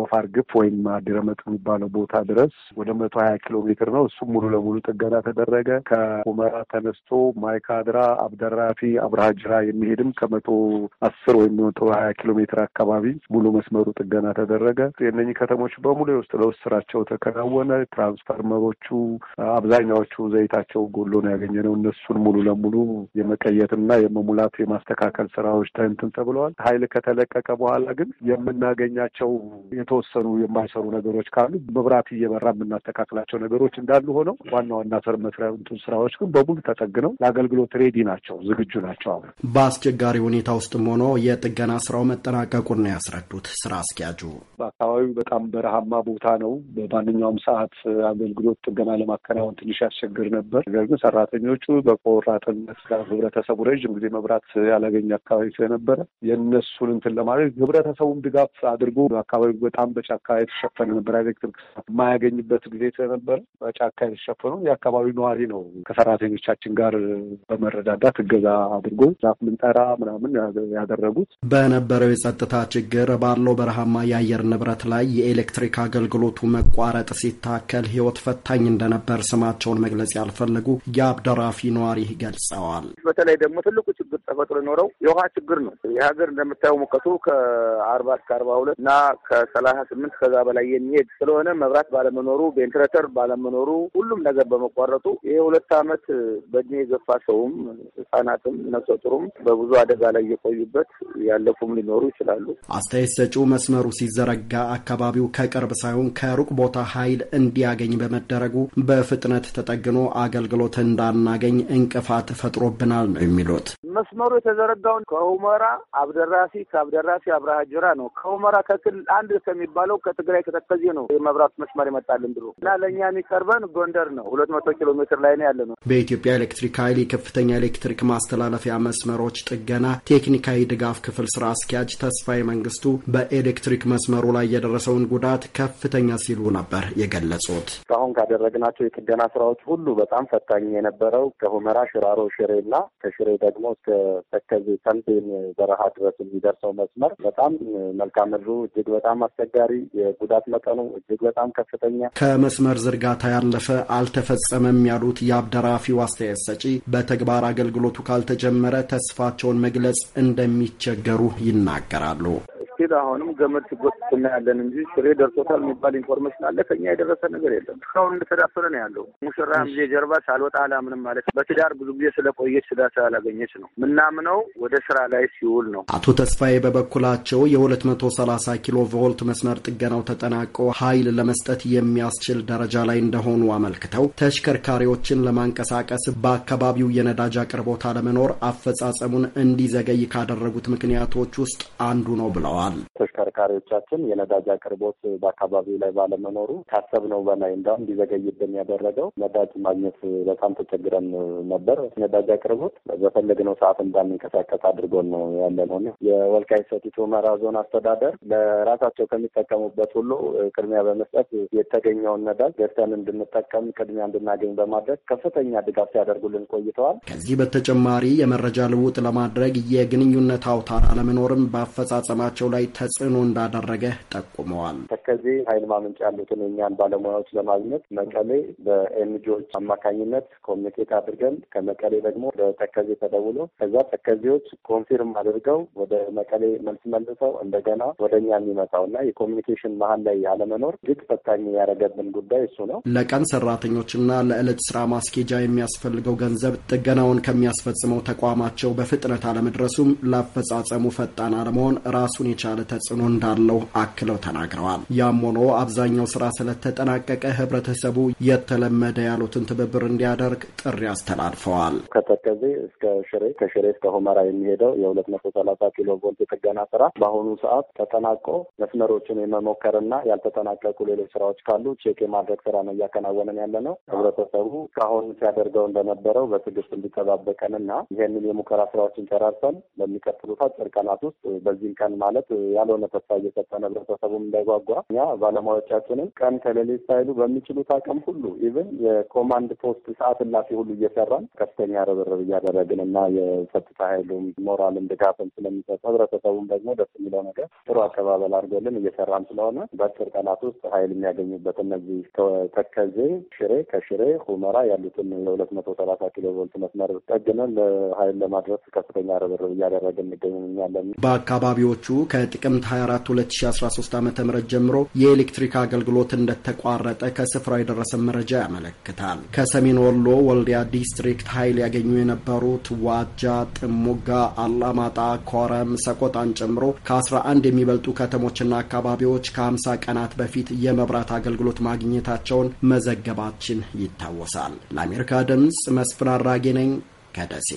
ወፋር ግፍ ወይም አዲረመጥ የሚባለው ቦታ ድረስ ወደ መቶ ሀያ ኪሎ ሜትር ነው። እሱም ሙሉ ለሙሉ ጥገና ተደረገ። ተደረገ። ከሁመራ ተነስቶ ማይካድራ አብደራፊ አብርሃጅራ የሚሄድም ከመቶ አስር ወይም መቶ ሀያ ኪሎ ሜትር አካባቢ ሙሉ መስመሩ ጥገና ተደረገ። የእነኚህ ከተሞች በሙሉ የውስጥ ለውስጥ ስራቸው ተከናወነ። ትራንስፈርመሮቹ አብዛኛዎቹ ዘይታቸው ጎሎ ነው ነው። እነሱን ሙሉ ለሙሉ የመቀየትና የመሙላት የማስተካከል ስራዎች ተንትን ተብለዋል። ኃይል ከተለቀቀ በኋላ ግን የምናገኛቸው የተወሰኑ የማይሰሩ ነገሮች ካሉ መብራት እየበራ የምናስተካክላቸው ነገሮች እንዳሉ ሆነው ዋና ዋና የመፍረንቱ ስራዎች ግን በሙሉ ተጠግነው ለአገልግሎት ሬዲ ናቸው፣ ዝግጁ ናቸው። አሁን በአስቸጋሪ ሁኔታ ውስጥም ሆኖ የጥገና ስራው መጠናቀቁን ነው ያስረዱት ስራ አስኪያጁ። በአካባቢው በጣም በረሃማ ቦታ ነው። በማንኛውም ሰዓት አገልግሎት ጥገና ለማከናወን ትንሽ ያስቸግር ነበር። ነገር ግን ሰራተኞቹ በቆራጥነት ጋር ህብረተሰቡ ረዥም ጊዜ መብራት ያላገኘ አካባቢ ስለነበረ የእነሱን እንትን ለማድረግ ህብረተሰቡም ድጋፍ አድርጎ አካባቢው በጣም በጫካ የተሸፈነ ነበር። ኤሌክትሪክ ማያገኝበት ጊዜ ስለነበረ በጫካ የተሸፈኑ የአካባቢ ነዋሪ ነው ከሰራተኞቻችን ጋር በመረዳዳት እገዛ አድርጎ ዛፍ ምንጠራ ምናምን ያደረጉት። በነበረው የጸጥታ ችግር ባለው በረሃማ የአየር ንብረት ላይ የኤሌክትሪክ አገልግሎቱ መቋረጥ ሲታከል ህይወት ፈታኝ እንደነበር ስማቸውን መግለጽ ያልፈለጉ የአብደራፊ ነዋሪ ገልጸዋል። በተለይ ደግሞ ትልቁ ችግር ተፈጥሮ የኖረው የውሃ ችግር ነው። የሀገር እንደምታየው ሙቀቱ ከአርባ እስከ አርባ ሁለት እና ከሰላሳ ስምንት ከዛ በላይ የሚሄድ ስለሆነ መብራት ባለመኖሩ ቬንትሬተር ባለመኖሩ ሁሉም ነገር በመቋረጡ ይህ ሁለት ዓመት በእድሜ የገፋ ሰውም ህጻናትም ነፍሰ በብዙ አደጋ ላይ እየቆዩበት ያለፉም ሊኖሩ ይችላሉ። አስተያየት ሰጪው መስመሩ ሲዘረጋ አካባቢው ከቅርብ ሳይሆን ከሩቅ ቦታ ኃይል እንዲያገኝ በመደረጉ በፍጥነት ተጠግኖ አገልግሎት እንዳናገኝ እንቅፋት ፈጥሮብናል ነው የሚሉት። መስመሩ የተዘረጋውን ከሁመራ አብደራሲ፣ ከአብደራሲ አብርሃ ጅራ ነው። ከሁመራ ከክልል አንድ ከሚባለው ከትግራይ ከተከዜ ነው የመብራቱ መስመር ይመጣልን ድሮ እና ለእኛ የሚቀርበን ጎንደር ነው ሁለት መቶ ኪሎ ምክር ላይ ነው ያለ ነው። በኢትዮጵያ ኤሌክትሪክ ኃይል የከፍተኛ ኤሌክትሪክ ማስተላለፊያ መስመሮች ጥገና ቴክኒካዊ ድጋፍ ክፍል ስራ አስኪያጅ ተስፋዬ መንግስቱ በኤሌክትሪክ መስመሩ ላይ የደረሰውን ጉዳት ከፍተኛ ሲሉ ነበር የገለጹት። እስካሁን ካደረግናቸው የጥገና ስራዎች ሁሉ በጣም ፈታኝ የነበረው ከሁመራ ሽራሮ ሽሬ እና ከሽሬ ደግሞ እስከ ተከዜ በረሃ ድረስ የሚደርሰው መስመር በጣም መልክዓ ምድሩ እጅግ በጣም አስቸጋሪ፣ የጉዳት መጠኑ እጅግ በጣም ከፍተኛ ከመስመር ዝርጋታ ያለፈ አልተፈጸመም አይደለም ያሉት የአብደራፊው አስተያየት ሰጪ በተግባር አገልግሎቱ ካልተጀመረ ተስፋቸውን መግለጽ እንደሚቸገሩ ይናገራሉ። ሄድ አሁንም ገመድ ትጎትትና ያለን እንጂ ስሬ ደርሶታል የሚባል ኢንፎርሜሽን አለ። ከኛ የደረሰ ነገር የለም። እስካሁን እንደተዳፈነ ነው ያለው። ሙሽራ ጊዜ ጀርባ ሳልወጣ አላምንም ማለት በትዳር ብዙ ጊዜ ስለቆየች ስጋ ስላላገኘች ነው ምናምነው ወደ ስራ ላይ ሲውል ነው። አቶ ተስፋዬ በበኩላቸው የሁለት መቶ ሰላሳ ኪሎ ቮልት መስመር ጥገናው ተጠናቆ ኃይል ለመስጠት የሚያስችል ደረጃ ላይ እንደሆኑ አመልክተው ተሽከርካ ተሽከርካሪዎችን ለማንቀሳቀስ በአካባቢው የነዳጅ አቅርቦት አለመኖር አፈጻጸሙን እንዲዘገይ ካደረጉት ምክንያቶች ውስጥ አንዱ ነው ብለዋል። ተሽከርካሪዎቻችን የነዳጅ አቅርቦት በአካባቢው ላይ ባለመኖሩ ካሰብነው በላይ እንዲያውም እንዲዘገይብን ያደረገው ነዳጅ ማግኘት በጣም ተቸግረን ነበር። ነዳጅ አቅርቦት በፈለግነው ሰዓት እንዳንንቀሳቀስ አድርጎን ነው ያለ ነው የወልቃይት ሰቲት ሁመራ ዞን አስተዳደር ለራሳቸው ከሚጠቀሙበት ሁሉ ቅድሚያ በመስጠት የተገኘውን ነዳጅ ገዝተን እንድንጠቀም ቅድሚያ እንድናገኝ በማድረግ ከፍተኛ ድጋፍ ሲያደርጉልን ቆይተዋል። ከዚህ በተጨማሪ የመረጃ ልውጥ ለማድረግ የግንኙነት አውታር አለመኖርም በአፈጻጸማቸው ላይ ተጽዕኖ እንዳደረገ ጠቁመዋል። ተከዜ ኃይል ማመንጫ ያሉትን የእኛን ባለሙያዎች ለማግኘት መቀሌ በኤንጂዎች አማካኝነት ኮሚኒኬት አድርገን ከመቀሌ ደግሞ ወደ ተደውሎ ከዛ ተከዜዎች ኮንፊርም አድርገው ወደ መቀሌ መልስ መልሰው እንደገና ወደ እኛ የሚመጣው እና የኮሚኒኬሽን መሀል ላይ አለመኖር እጅግ ፈታኝ ያደረገብን ጉዳይ እሱ ነው። ለቀን ሰራተኞችና ለዕለ ለጉልት ስራ ማስኬጃ የሚያስፈልገው ገንዘብ ጥገናውን ከሚያስፈጽመው ተቋማቸው በፍጥነት አለመድረሱም ለአፈጻጸሙ ፈጣን አለመሆን ራሱን የቻለ ተጽዕኖ እንዳለው አክለው ተናግረዋል። ያም ሆኖ አብዛኛው ስራ ስለተጠናቀቀ ህብረተሰቡ የተለመደ ያሉትን ትብብር እንዲያደርግ ጥሪ አስተላልፈዋል። ከተከዜ እስከ ሽሬ ከሽሬ እስከ ሁመራ የሚሄደው የሁለት መቶ ሰላሳ ኪሎ ቮልት የጥገና ስራ በአሁኑ ሰዓት ተጠናቆ መስመሮችን የመሞከርና ያልተጠናቀቁ ሌሎች ስራዎች ካሉ ቼክ የማድረግ ስራ ነው እያከናወነን ያለ ነው ህብረተሰቡ ስለነበሩ እስካሁን ሲያደርገው እንደነበረው በትዕግስት እንዲጠባበቀንና እና ይህንን የሙከራ ስራዎችን ጨራርሰን በሚቀጥሉት አጭር ቀናት ውስጥ በዚህም ቀን ማለት ያልሆነ ተስፋ እየሰጠን ህብረተሰቡም እንዳይጓጓ እኛ ባለሙያዎቻችንም ቀን ከሌሊት ሳይሉ በሚችሉት አቅም ሁሉ ኢቨን የኮማንድ ፖስት ሰዓት እላፊ ሁሉ እየሰራን ከፍተኛ ርብርብ እያደረግን እና የጸጥታ ኃይሉም ሞራልም ድጋፍም ስለሚሰጥ ህብረተሰቡም ደግሞ ደስ የሚለው ነገር ጥሩ አቀባበል አድርጎልን እየሰራን ስለሆነ በአጭር ቀናት ውስጥ ኃይል የሚያገኙበት እነዚህ ተከዜ ሽሬ ከሽሬ ሁመራ ያሉትን የሁለት መቶ ሰላሳ ኪሎ ቮልት መስመር ጠግነን ለሀይል ለማድረስ ከፍተኛ ርብርብ እያደረገ እንገኛለን። በአካባቢዎቹ ከጥቅምት ሀያ አራት ሁለት ሺ አስራ ሶስት ዓመተ ምህረት ጀምሮ የኤሌክትሪክ አገልግሎት እንደተቋረጠ ከስፍራ የደረሰን መረጃ ያመለክታል። ከሰሜን ወሎ ወልዲያ ዲስትሪክት ኃይል ያገኙ የነበሩት ዋጃ፣ ጥሙጋ፣ አላማጣ፣ ኮረም፣ ሰቆጣን ጨምሮ ከአስራ አንድ የሚበልጡ ከተሞችና አካባቢዎች ከሀምሳ ቀናት በፊት የመብራት አገልግሎት ማግኘታቸውን መዘገባችን ይታወቃል። ይታወሳል። ለአሜሪካ ድምፅ መስፍን አራጌ ነኝ ከደሴ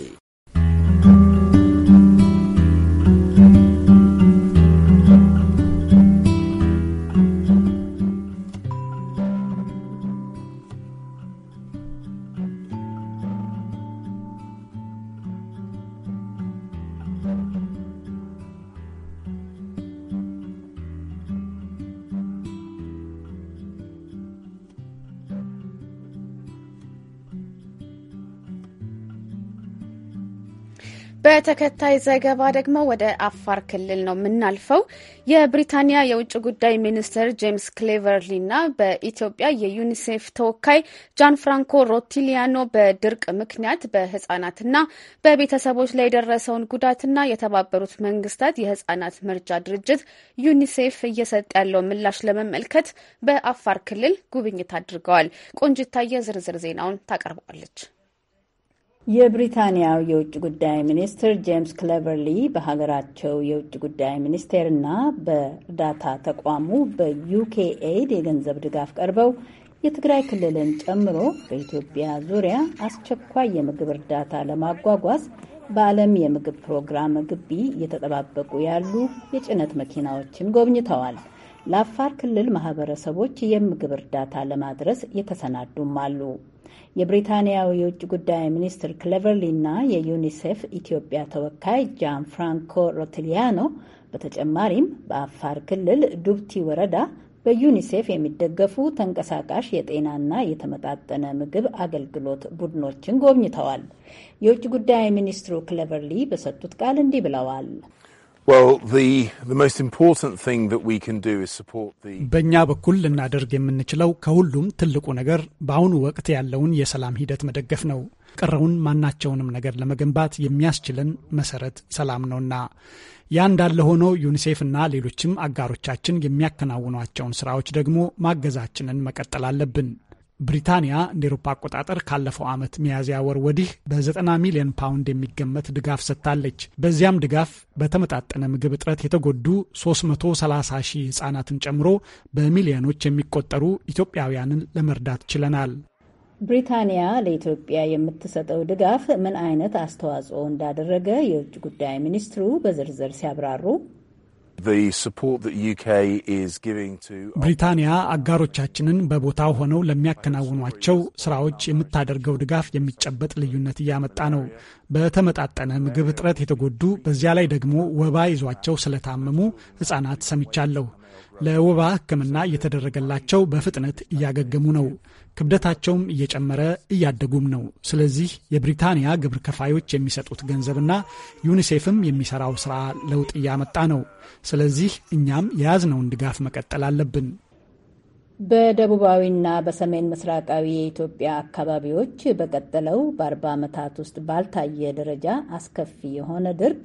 በተከታይ ዘገባ ደግሞ ወደ አፋር ክልል ነው የምናልፈው። የብሪታንያ የውጭ ጉዳይ ሚኒስትር ጄምስ ና በኢትዮጵያ የዩኒሴፍ ተወካይ ጃን ፍራንኮ ሮቲሊያኖ በድርቅ ምክንያት በህጻናትና በቤተሰቦች ላይ የደረሰውን ጉዳትና የተባበሩት መንግስታት የህጻናት መርጃ ድርጅት ዩኒሴፍ እየሰጠ ያለው ምላሽ ለመመልከት በአፋር ክልል ጉብኝት አድርገዋል። ቆንጅታየ ዝርዝር ዜናውን ታቀርበዋለች። የብሪታንያው የውጭ ጉዳይ ሚኒስትር ጄምስ ክለቨርሊ በሀገራቸው የውጭ ጉዳይ ሚኒስቴርና በእርዳታ ተቋሙ በዩኬ ኤድ የገንዘብ ድጋፍ ቀርበው የትግራይ ክልልን ጨምሮ በኢትዮጵያ ዙሪያ አስቸኳይ የምግብ እርዳታ ለማጓጓዝ በዓለም የምግብ ፕሮግራም ግቢ እየተጠባበቁ ያሉ የጭነት መኪናዎችን ጎብኝተዋል። ለአፋር ክልል ማህበረሰቦች የምግብ እርዳታ ለማድረስ የተሰናዱም አሉ። የብሪታንያው የውጭ ጉዳይ ሚኒስትር እና የዩኒሴፍ ኢትዮጵያ ተወካይ ጃን ፍራንኮ ሮቲሊያኖ፣ በተጨማሪም በአፋር ክልል ዱብቲ ወረዳ በዩኒሴፍ የሚደገፉ ተንቀሳቃሽ የጤናና የተመጣጠነ ምግብ አገልግሎት ቡድኖችን ጎብኝተዋል። የውጭ ጉዳይ ሚኒስትሩ ክሌቨርሊ በሰጡት ቃል እንዲህ ብለዋል። በእኛ በኩል ልናደርግ የምንችለው ከሁሉም ትልቁ ነገር በአሁኑ ወቅት ያለውን የሰላም ሂደት መደገፍ ነው። ቀረውን ማናቸውንም ነገር ለመገንባት የሚያስችለን መሰረት ሰላም ነውና። ያ እንዳለ ሆኖ ዩኒሴፍ እና ሌሎችም አጋሮቻችን የሚያከናውኗቸውን ስራዎች ደግሞ ማገዛችንን መቀጠል አለብን። ብሪታንያ እንደ ኤሮፓ አቆጣጠር ካለፈው ዓመት ሚያዝያ ወር ወዲህ በ90 ሚሊዮን ፓውንድ የሚገመት ድጋፍ ሰጥታለች። በዚያም ድጋፍ በተመጣጠነ ምግብ እጥረት የተጎዱ 330 ሺህ ሕፃናትን ጨምሮ በሚሊዮኖች የሚቆጠሩ ኢትዮጵያውያንን ለመርዳት ችለናል። ብሪታንያ ለኢትዮጵያ የምትሰጠው ድጋፍ ምን አይነት አስተዋጽኦ እንዳደረገ የውጭ ጉዳይ ሚኒስትሩ በዝርዝር ሲያብራሩ ብሪታንያ አጋሮቻችንን በቦታው ሆነው ለሚያከናውኗቸው ስራዎች የምታደርገው ድጋፍ የሚጨበጥ ልዩነት እያመጣ ነው። በተመጣጠነ ምግብ እጥረት የተጎዱ በዚያ ላይ ደግሞ ወባ ይዟቸው ስለታመሙ ህጻናት ሰምቻለሁ። ለወባ ሕክምና እየተደረገላቸው በፍጥነት እያገገሙ ነው። ክብደታቸውም እየጨመረ እያደጉም ነው። ስለዚህ የብሪታንያ ግብር ከፋዮች የሚሰጡት ገንዘብና ዩኒሴፍም የሚሰራው ስራ ለውጥ እያመጣ ነው። ስለዚህ እኛም የያዝነውን ድጋፍ መቀጠል አለብን። በደቡባዊና በሰሜን ምስራቃዊ የኢትዮጵያ አካባቢዎች በቀጠለው በአርባ ዓመታት ውስጥ ባልታየ ደረጃ አስከፊ የሆነ ድርቅ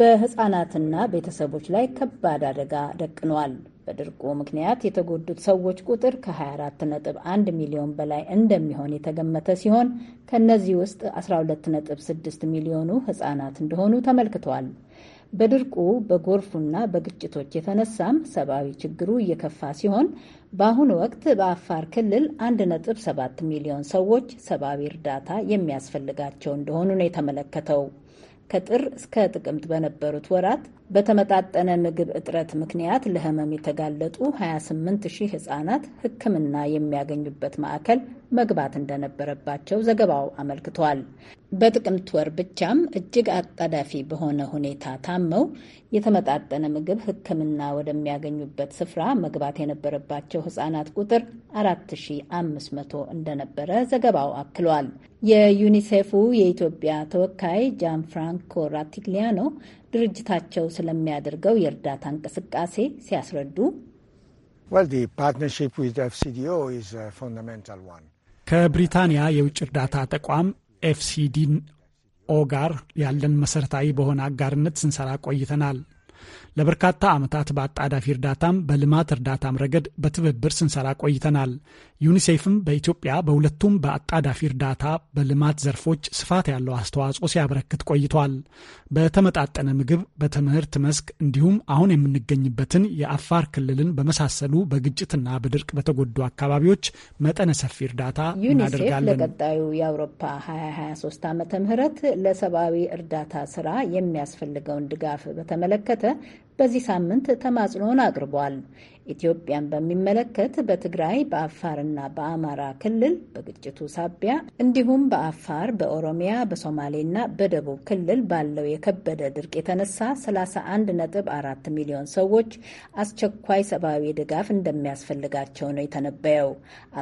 በህፃናትና ቤተሰቦች ላይ ከባድ አደጋ ደቅኗል። በድርቁ ምክንያት የተጎዱት ሰዎች ቁጥር ከ24.1 ሚሊዮን በላይ እንደሚሆን የተገመተ ሲሆን ከእነዚህ ውስጥ 12.6 ሚሊዮኑ ህጻናት እንደሆኑ ተመልክቷል። በድርቁ በጎርፉና በግጭቶች የተነሳም ሰብአዊ ችግሩ እየከፋ ሲሆን በአሁኑ ወቅት በአፋር ክልል 1.7 ሚሊዮን ሰዎች ሰብአዊ እርዳታ የሚያስፈልጋቸው እንደሆኑ ነው የተመለከተው። ከጥር እስከ ጥቅምት በነበሩት ወራት በተመጣጠነ ምግብ እጥረት ምክንያት ለህመም የተጋለጡ 28 ሺህ ህጻናት ሕክምና የሚያገኙበት ማዕከል መግባት እንደነበረባቸው ዘገባው አመልክቷል። በጥቅምት ወር ብቻም እጅግ አጣዳፊ በሆነ ሁኔታ ታመው የተመጣጠነ ምግብ ሕክምና ወደሚያገኙበት ስፍራ መግባት የነበረባቸው ህጻናት ቁጥር 4500 እንደነበረ ዘገባው አክሏል። የዩኒሴፉ የኢትዮጵያ ተወካይ ጃን ፍራንኮ ራቲግሊያኖ ድርጅታቸው ስለሚያደርገው የእርዳታ እንቅስቃሴ ሲያስረዱ ከብሪታንያ የውጭ እርዳታ ተቋም ኤፍሲዲን ኦ ጋር ያለን መሰረታዊ በሆነ አጋርነት ስንሰራ ቆይተናል። ለበርካታ ዓመታት በአጣዳፊ እርዳታም በልማት እርዳታም ረገድ በትብብር ስንሰራ ቆይተናል። ዩኒሴፍም በኢትዮጵያ በሁለቱም በአጣዳፊ እርዳታ በልማት ዘርፎች ስፋት ያለው አስተዋጽኦ ሲያበረክት ቆይቷል። በተመጣጠነ ምግብ፣ በትምህርት መስክ እንዲሁም አሁን የምንገኝበትን የአፋር ክልልን በመሳሰሉ በግጭትና በድርቅ በተጎዱ አካባቢዎች መጠነ ሰፊ እርዳታ እናደርጋለን። ለቀጣዩ የአውሮፓ 2023 ዓመተ ምህረት ለሰብአዊ እርዳታ ስራ የሚያስፈልገውን ድጋፍ በተመለከተ በዚህ ሳምንት ተማጽኖን አቅርቧል። ኢትዮጵያን በሚመለከት በትግራይ በአፋርና በአማራ ክልል በግጭቱ ሳቢያ እንዲሁም በአፋር፣ በኦሮሚያ፣ በሶማሌና በደቡብ ክልል ባለው የከበደ ድርቅ የተነሳ 31.4 ሚሊዮን ሰዎች አስቸኳይ ሰብአዊ ድጋፍ እንደሚያስፈልጋቸው ነው የተነበየው።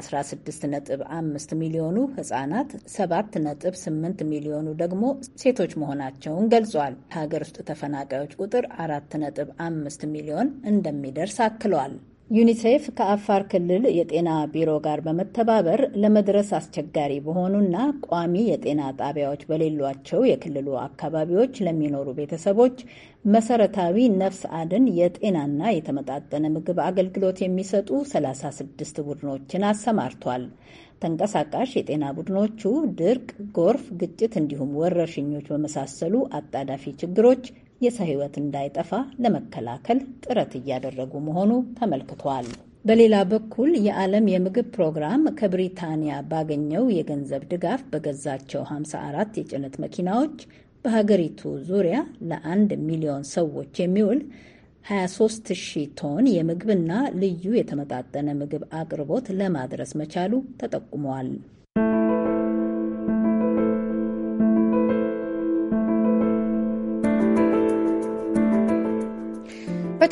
16.5 ሚሊዮኑ ህጻናት፣ 7.8 ሚሊዮኑ ደግሞ ሴቶች መሆናቸውን ገልጿል። ሀገር ውስጥ ተፈናቃዮች ቁጥር 4.5 ሚሊዮን እንደሚደርስ አክለዋል። ዩኒሴፍ ከአፋር ክልል የጤና ቢሮ ጋር በመተባበር ለመድረስ አስቸጋሪ በሆኑና ቋሚ የጤና ጣቢያዎች በሌሏቸው የክልሉ አካባቢዎች ለሚኖሩ ቤተሰቦች መሰረታዊ ነፍስ አድን የጤናና የተመጣጠነ ምግብ አገልግሎት የሚሰጡ 36 ቡድኖችን አሰማርቷል። ተንቀሳቃሽ የጤና ቡድኖቹ ድርቅ፣ ጎርፍ፣ ግጭት እንዲሁም ወረርሽኞች በመሳሰሉ አጣዳፊ ችግሮች የሰው ሕይወት እንዳይጠፋ ለመከላከል ጥረት እያደረጉ መሆኑ ተመልክቷል። በሌላ በኩል የዓለም የምግብ ፕሮግራም ከብሪታንያ ባገኘው የገንዘብ ድጋፍ በገዛቸው 54 የጭነት መኪናዎች በሀገሪቱ ዙሪያ ለአንድ ሚሊዮን ሰዎች የሚውል 23,000 ቶን የምግብና ልዩ የተመጣጠነ ምግብ አቅርቦት ለማድረስ መቻሉ ተጠቁመዋል።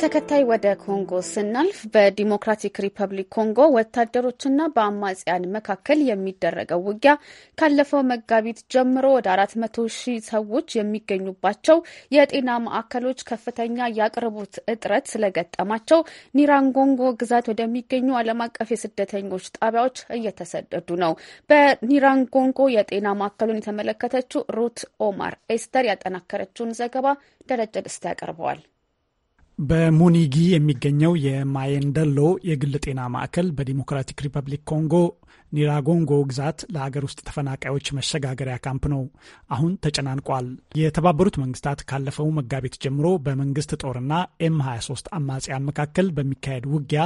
በተከታይ ወደ ኮንጎ ስናልፍ በዲሞክራቲክ ሪፐብሊክ ኮንጎ ወታደሮችና በአማጽያን መካከል የሚደረገው ውጊያ ካለፈው መጋቢት ጀምሮ ወደ አራት መቶ ሺህ ሰዎች የሚገኙባቸው የጤና ማዕከሎች ከፍተኛ የአቅርቦት እጥረት ስለገጠማቸው ኒራንጎንጎ ግዛት ወደሚገኙ ዓለም አቀፍ የስደተኞች ጣቢያዎች እየተሰደዱ ነው። በኒራንጎንጎ የጤና ማዕከሉን የተመለከተችው ሩት ኦማር ኤስተር ያጠናከረችውን ዘገባ ደረጀ ደስታ ያቀርበዋል። በሙኒጊ የሚገኘው የማየንደሎ የግል ጤና ማዕከል በዲሞክራቲክ ሪፐብሊክ ኮንጎ ኒራጎንጎ ግዛት ለአገር ውስጥ ተፈናቃዮች መሸጋገሪያ ካምፕ ነው። አሁን ተጨናንቋል። የተባበሩት መንግስታት ካለፈው መጋቢት ጀምሮ በመንግስት ጦርና ኤም 23 አማጽያን መካከል በሚካሄድ ውጊያ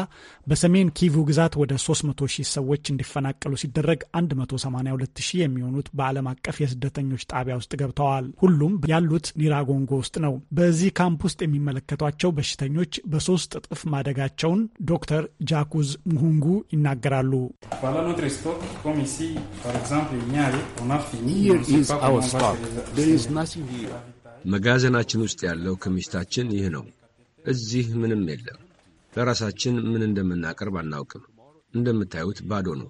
በሰሜን ኪቩ ግዛት ወደ 300 ሺህ ሰዎች እንዲፈናቀሉ ሲደረግ 182 ሺህ የሚሆኑት በዓለም አቀፍ የስደተኞች ጣቢያ ውስጥ ገብተዋል። ሁሉም ያሉት ኒራጎንጎ ውስጥ ነው። በዚህ ካምፕ ውስጥ የሚመለከቷቸው በሽተኞች በሶስት እጥፍ ማደጋቸውን ዶክተር ጃኩዝ ሙሁንጉ ይናገራሉ። stock, comme ici, par exemple, il n'y a, on a fini. Here is our stock. There is nothing here. መጋዘናችን ውስጥ ያለው ክምሽታችን ይህ ነው። እዚህ ምንም የለም። ለራሳችን ምን እንደምናቀርብ አናውቅም። እንደምታዩት ባዶ ነው።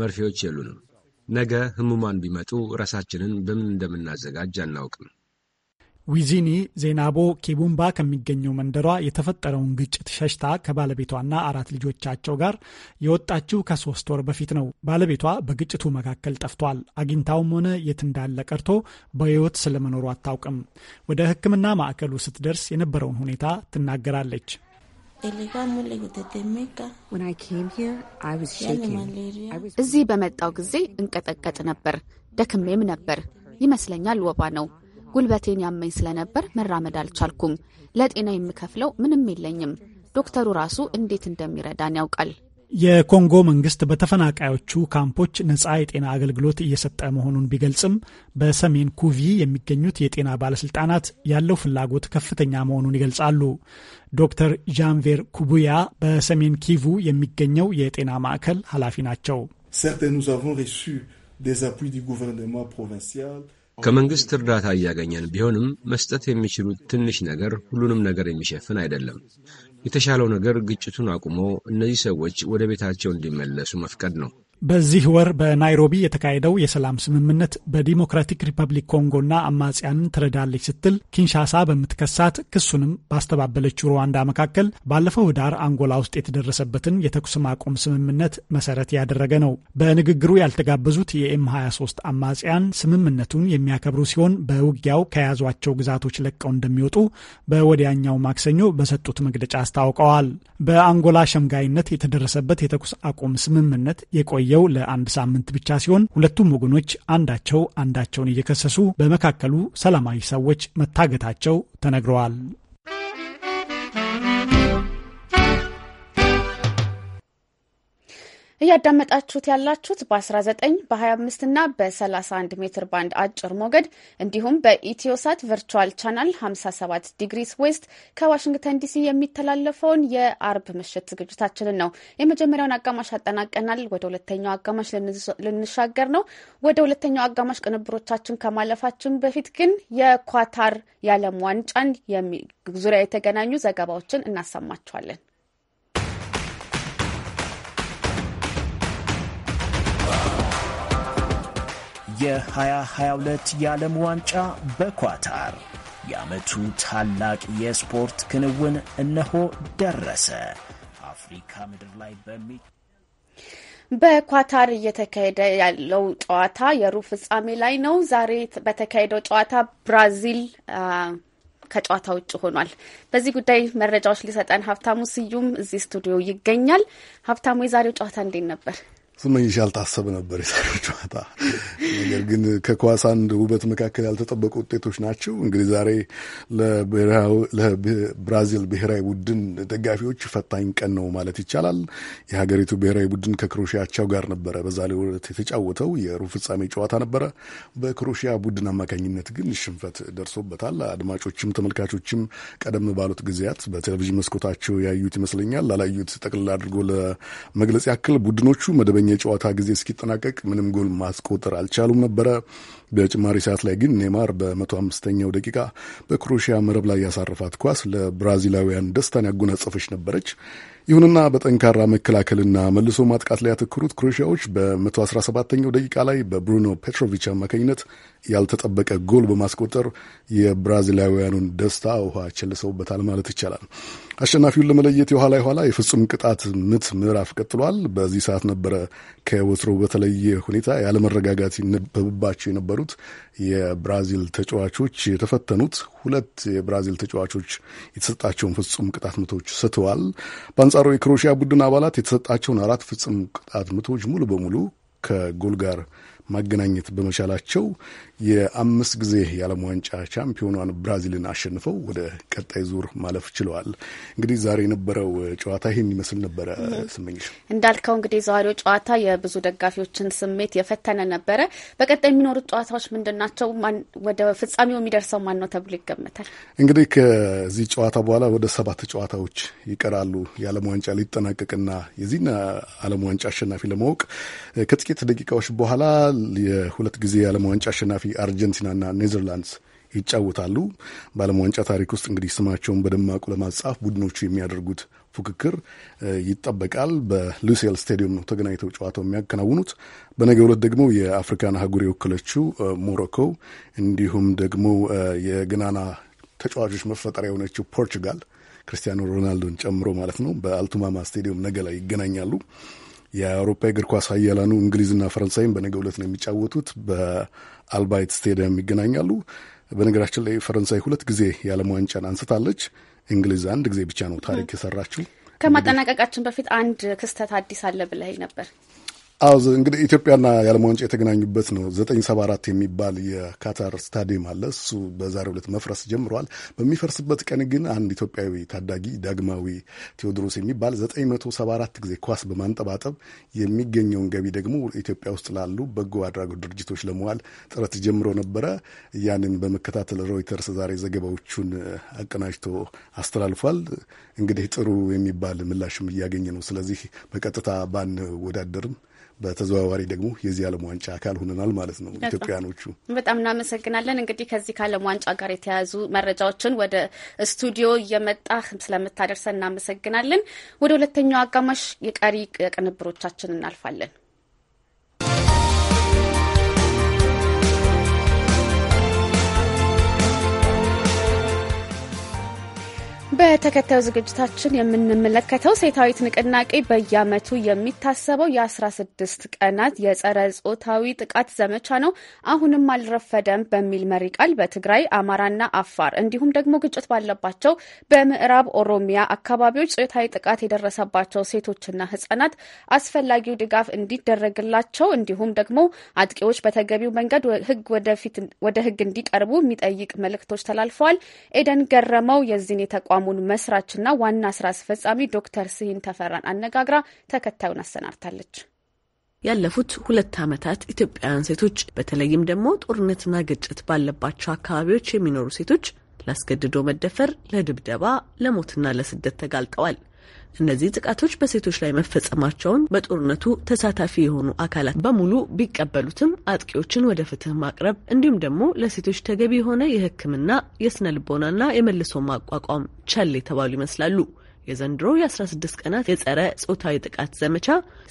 መርፌዎች የሉንም። ነገ ህሙማን ቢመጡ ራሳችንን በምን እንደምናዘጋጅ አናውቅም። ዊዚኒ ዜናቦ ኬቡምባ ከሚገኘው መንደሯ የተፈጠረውን ግጭት ሸሽታ ከባለቤቷና አራት ልጆቻቸው ጋር የወጣችው ከሶስት ወር በፊት ነው። ባለቤቷ በግጭቱ መካከል ጠፍቷል። አግኝታውም ሆነ የት እንዳለ ቀርቶ በሕይወት ስለመኖሩ አታውቅም። ወደ ሕክምና ማዕከሉ ስትደርስ የነበረውን ሁኔታ ትናገራለች። እዚህ በመጣው ጊዜ እንቀጠቀጥ ነበር፣ ደክሜም ነበር። ይመስለኛል ወባ ነው። ጉልበቴን ያመኝ ስለነበር መራመድ አልቻልኩም። ለጤና የምከፍለው ምንም የለኝም። ዶክተሩ ራሱ እንዴት እንደሚረዳን ያውቃል። የኮንጎ መንግስት በተፈናቃዮቹ ካምፖች ነጻ የጤና አገልግሎት እየሰጠ መሆኑን ቢገልጽም በሰሜን ኩቪ የሚገኙት የጤና ባለስልጣናት ያለው ፍላጎት ከፍተኛ መሆኑን ይገልጻሉ። ዶክተር ዣንቬር ኩቡያ በሰሜን ኪቩ የሚገኘው የጤና ማዕከል ኃላፊ ናቸው። ከመንግስት እርዳታ እያገኘን ቢሆንም መስጠት የሚችሉት ትንሽ ነገር ሁሉንም ነገር የሚሸፍን አይደለም። የተሻለው ነገር ግጭቱን አቁሞ እነዚህ ሰዎች ወደ ቤታቸው እንዲመለሱ መፍቀድ ነው። በዚህ ወር በናይሮቢ የተካሄደው የሰላም ስምምነት በዲሞክራቲክ ሪፐብሊክ ኮንጎና አማጽያንን ትረዳለች ስትል ኪንሻሳ በምትከሳት ክሱንም ባስተባበለችው ሩዋንዳ መካከል ባለፈው ህዳር አንጎላ ውስጥ የተደረሰበትን የተኩስ ማቆም ስምምነት መሰረት ያደረገ ነው። በንግግሩ ያልተጋበዙት የኤም 23 አማጽያን ስምምነቱን የሚያከብሩ ሲሆን በውጊያው ከያዟቸው ግዛቶች ለቀው እንደሚወጡ በወዲያኛው ማክሰኞ በሰጡት መግለጫ አስታውቀዋል። በአንጎላ ሸምጋይነት የተደረሰበት የተኩስ አቁም ስምምነት የቆየ የቆየው ለአንድ ሳምንት ብቻ ሲሆን ሁለቱም ወገኖች አንዳቸው አንዳቸውን እየከሰሱ በመካከሉ ሰላማዊ ሰዎች መታገታቸው ተነግረዋል። እያዳመጣችሁት ያላችሁት በ19 በ25 እና በ31 ሜትር ባንድ አጭር ሞገድ እንዲሁም በኢትዮሳት ቨርቹዋል ቻናል 57 ዲግሪስ ዌስት ከዋሽንግተን ዲሲ የሚተላለፈውን የአርብ ምሽት ዝግጅታችንን ነው። የመጀመሪያውን አጋማሽ አጠናቀናል። ወደ ሁለተኛው አጋማሽ ልንሻገር ነው። ወደ ሁለተኛው አጋማሽ ቅንብሮቻችን ከማለፋችን በፊት ግን የኳታር የዓለም ዋንጫን ዙሪያ የተገናኙ ዘገባዎችን እናሰማችኋለን። የ2022 የዓለም ዋንጫ በኳታር የዓመቱ ታላቅ የስፖርት ክንውን እነሆ ደረሰ። አፍሪካ ምድር ላይ በሚ በኳታር እየተካሄደ ያለው ጨዋታ የሩብ ፍጻሜ ላይ ነው። ዛሬ በተካሄደው ጨዋታ ብራዚል ከጨዋታ ውጭ ሆኗል። በዚህ ጉዳይ መረጃዎች ሊሰጠን ሀብታሙ ስዩም እዚህ ስቱዲዮ ይገኛል። ሀብታሙ፣ የዛሬው ጨዋታ እንዴት ነበር? ስመኝሽ ያልታሰበ ነበር የዛሬው ጨዋታ። ነገር ግን ከኳስ አንድ ውበት መካከል ያልተጠበቁ ውጤቶች ናቸው። እንግዲህ ዛሬ ለብራዚል ብሔራዊ ቡድን ደጋፊዎች ፈታኝ ቀን ነው ማለት ይቻላል። የሀገሪቱ ብሔራዊ ቡድን ከክሮሺያ ጋር ነበረ በዛሬው ዕለት የተጫወተው የሩብ ፍጻሜ ጨዋታ ነበረ። በክሮሺያ ቡድን አማካኝነት ግን ሽንፈት ደርሶበታል። አድማጮችም ተመልካቾችም ቀደም ባሉት ጊዜያት በቴሌቪዥን መስኮታቸው ያዩት ይመስለኛል። ላላዩት ጠቅልል አድርጎ ለመግለጽ ያክል ቡድኖቹ መደበኛ የጨዋታ ጊዜ እስኪጠናቀቅ ምንም ጎል ማስቆጠር አልቻሉም ነበረ። በጭማሪ ሰዓት ላይ ግን ኔማር በመቶ አምስተኛው ደቂቃ በክሮኤሽያ መረብ ላይ ያሳረፋት ኳስ ለብራዚላውያን ደስታን ያጎናጸፈች ነበረች። ይሁንና በጠንካራ መከላከልና መልሶ ማጥቃት ላይ ያተኮሩት ክሮኤሽያዎች በመቶ አስራ ሰባተኛው ደቂቃ ላይ በብሩኖ ፔትሮቪች አማካኝነት ያልተጠበቀ ጎል በማስቆጠር የብራዚላውያኑን ደስታ ውሃ ቸልሰውበታል ማለት ይቻላል። አሸናፊውን ለመለየት የኋላ የኋላ የፍጹም ቅጣት ምት ምዕራፍ ቀጥሏል። በዚህ ሰዓት ነበረ ከወትሮ በተለየ ሁኔታ ያለመረጋጋት ይነበብባቸው የነበሩት የብራዚል ተጫዋቾች የተፈተኑት። ሁለት የብራዚል ተጫዋቾች የተሰጣቸውን ፍጹም ቅጣት ምቶች ስተዋል። በአንጻሩ የክሮሽያ ቡድን አባላት የተሰጣቸውን አራት ፍጹም ቅጣት ምቶች ሙሉ በሙሉ ከጎል ጋር ማገናኘት በመቻላቸው የአምስት ጊዜ የዓለም ዋንጫ ቻምፒዮኗን ብራዚልን አሸንፈው ወደ ቀጣይ ዙር ማለፍ ችለዋል። እንግዲህ ዛሬ የነበረው ጨዋታ ይህን ይመስል ነበረ። ስመኝሽ እንዳልከው እንግዲህ ዛሬው ጨዋታ የብዙ ደጋፊዎችን ስሜት የፈተነ ነበረ። በቀጣይ የሚኖሩት ጨዋታዎች ምንድን ናቸው? ወደ ፍጻሜው የሚደርሰው ማን ነው ተብሎ ይገመታል? እንግዲህ ከዚህ ጨዋታ በኋላ ወደ ሰባት ጨዋታዎች ይቀራሉ። የዓለም ዋንጫ ሊጠናቀቅና የዚህን ዓለም ዋንጫ አሸናፊ ለማወቅ ከጥቂት ደቂቃዎች በኋላ የሁለት ጊዜ የዓለም ዋንጫ አሸናፊ አርጀንቲናና ኔዘርላንድስ ይጫወታሉ። በዓለም ዋንጫ ታሪክ ውስጥ እንግዲህ ስማቸውን በደማቁ ለማጻፍ ቡድኖቹ የሚያደርጉት ፉክክር ይጠበቃል። በሉሴል ስቴዲየም ነው ተገናኝተው ጨዋታው የሚያከናውኑት። በነገ ዕለት ደግሞ የአፍሪካን አህጉር የወከለችው ሞሮኮ እንዲሁም ደግሞ የገናና ተጫዋቾች መፈጠሪያ የሆነችው ፖርቹጋል ክርስቲያኖ ሮናልዶን ጨምሮ ማለት ነው በአልቱማማ ስቴዲየም ነገ ላይ ይገናኛሉ። የአውሮፓ እግር ኳስ ኃያላኑ እንግሊዝና ፈረንሳይም በነገ ዕለት ነው የሚጫወቱት። አልባይት ስቴዲየም ይገናኛሉ። በነገራችን ላይ ፈረንሳይ ሁለት ጊዜ የዓለም ዋንጫን አንስታለች። እንግሊዝ አንድ ጊዜ ብቻ ነው ታሪክ የሰራችው። ከማጠናቀቃችን በፊት አንድ ክስተት አዲስ አለ ብለህ ነበር። አውዝ እንግዲህ ኢትዮጵያና የዓለም ዋንጫ የተገናኙበት ነው። ዘጠኝ ሰባ አራት የሚባል የካታር ስታዲየም አለ። እሱ በዛሬው ዕለት መፍረስ ጀምረዋል። በሚፈርስበት ቀን ግን አንድ ኢትዮጵያዊ ታዳጊ ዳግማዊ ቴዎድሮስ የሚባል ዘጠኝ መቶ ሰባ አራት ጊዜ ኳስ በማንጠባጠብ የሚገኘውን ገቢ ደግሞ ኢትዮጵያ ውስጥ ላሉ በጎ አድራጎት ድርጅቶች ለመዋል ጥረት ጀምሮ ነበረ። ያንን በመከታተል ሮይተርስ ዛሬ ዘገባዎቹን አቀናጅቶ አስተላልፏል። እንግዲህ ጥሩ የሚባል ምላሽም እያገኘ ነው። ስለዚህ በቀጥታ ባንወዳደርም በተዘዋዋሪ ደግሞ የዚህ ዓለም ዋንጫ አካል ሆነናል ማለት ነው ኢትዮጵያኖቹ። በጣም እናመሰግናለን። እንግዲህ ከዚህ ከዓለም ዋንጫ ጋር የተያያዙ መረጃዎችን ወደ ስቱዲዮ እየመጣ ስለምታደርሰን እናመሰግናለን። ወደ ሁለተኛው አጋማሽ የቀሪ ቅንብሮቻችን እናልፋለን። በተከታዩ ዝግጅታችን የምንመለከተው ሴታዊት ንቅናቄ በየዓመቱ የሚታሰበው የ16 ቀናት የጸረ ጾታዊ ጥቃት ዘመቻ ነው። አሁንም አልረፈደም በሚል መሪ ቃል በትግራይ አማራና አፋር እንዲሁም ደግሞ ግጭት ባለባቸው በምዕራብ ኦሮሚያ አካባቢዎች ጾታዊ ጥቃት የደረሰባቸው ሴቶችና ሕጻናት አስፈላጊው ድጋፍ እንዲደረግላቸው እንዲሁም ደግሞ አጥቂዎች በተገቢው መንገድ ሕግ ወደፊት ወደ ሕግ እንዲቀርቡ የሚጠይቅ መልእክቶች ተላልፈዋል። ኤደን ገረመው የዚህን የተቋሙ ተቋሙን መስራችና ዋና ስራ አስፈጻሚ ዶክተር ስሂን ተፈራን አነጋግራ ተከታዩን አሰናድታለች። ያለፉት ሁለት ዓመታት ኢትዮጵያውያን ሴቶች በተለይም ደግሞ ጦርነትና ግጭት ባለባቸው አካባቢዎች የሚኖሩ ሴቶች ላስገድዶ መደፈር፣ ለድብደባ፣ ለሞትና ለስደት ተጋልጠዋል። እነዚህ ጥቃቶች በሴቶች ላይ መፈጸማቸውን በጦርነቱ ተሳታፊ የሆኑ አካላት በሙሉ ቢቀበሉትም አጥቂዎችን ወደ ፍትህ ማቅረብ እንዲሁም ደግሞ ለሴቶች ተገቢ የሆነ የሕክምና የስነ ልቦናና የመልሶ ማቋቋም ቸል የተባሉ ይመስላሉ። የዘንድሮ የ16 ቀናት የጸረ ጾታዊ ጥቃት ዘመቻ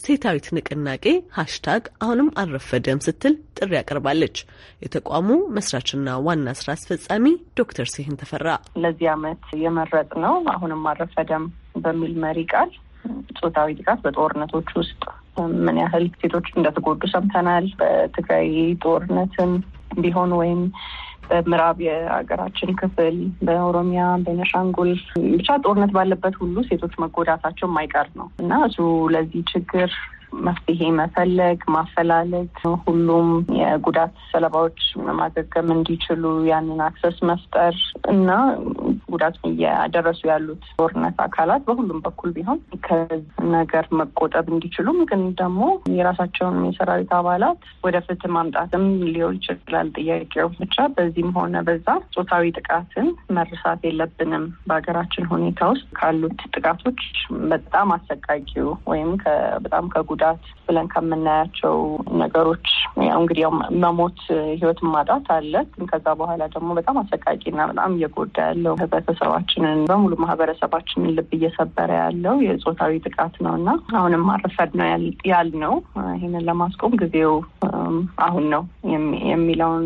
ሴታዊት ንቅናቄ ሃሽታግ አሁንም አልረፈደም ስትል ጥሪ ያቀርባለች። የተቋሙ መስራችና ዋና ስራ አስፈጻሚ ዶክተር ሲህን ተፈራ ለዚህ አመት የመረጥ ነው አሁንም አልረፈደም በሚል መሪ ቃል ጾታዊ ጥቃት በጦርነቶች ውስጥ ምን ያህል ሴቶች እንደተጎዱ ሰምተናል። በትግራይ ጦርነትም ቢሆን ወይም በምዕራብ የሀገራችን ክፍል በኦሮሚያ፣ በነሻንጉል ብቻ ጦርነት ባለበት ሁሉ ሴቶች መጎዳታቸው የማይቀር ነው እና እሱ ለዚህ ችግር መፍትሄ መፈለግ፣ ማፈላለግ፣ ሁሉም የጉዳት ሰለባዎች ማገገም እንዲችሉ ያንን አክሰስ መፍጠር እና ጉዳት እያደረሱ ያሉት ጦርነት አካላት በሁሉም በኩል ቢሆን ነገር መቆጠብ እንዲችሉም ግን ደግሞ የራሳቸውን የሰራዊት አባላት ወደ ፍትህ ማምጣትም ሊሆን ይችላል ጥያቄው ብቻ። በዚህም ሆነ በዛ ጾታዊ ጥቃትን መርሳት የለብንም። በሀገራችን ሁኔታ ውስጥ ካሉት ጥቃቶች በጣም አሰቃቂው ወይም በጣም ከጉ ጉዳት ብለን ከምናያቸው ነገሮች ያው እንግዲህ ያው መሞት ህይወት ማጣት አለ። ግን ከዛ በኋላ ደግሞ በጣም አሰቃቂና በጣም እየጎዳ ያለው ህብረተሰባችንን በሙሉ ማህበረሰባችንን ልብ እየሰበረ ያለው የጾታዊ ጥቃት ነው እና አሁንም ማረፈድ ነው ያል ነው ይህንን ለማስቆም ጊዜው አሁን ነው የሚለውን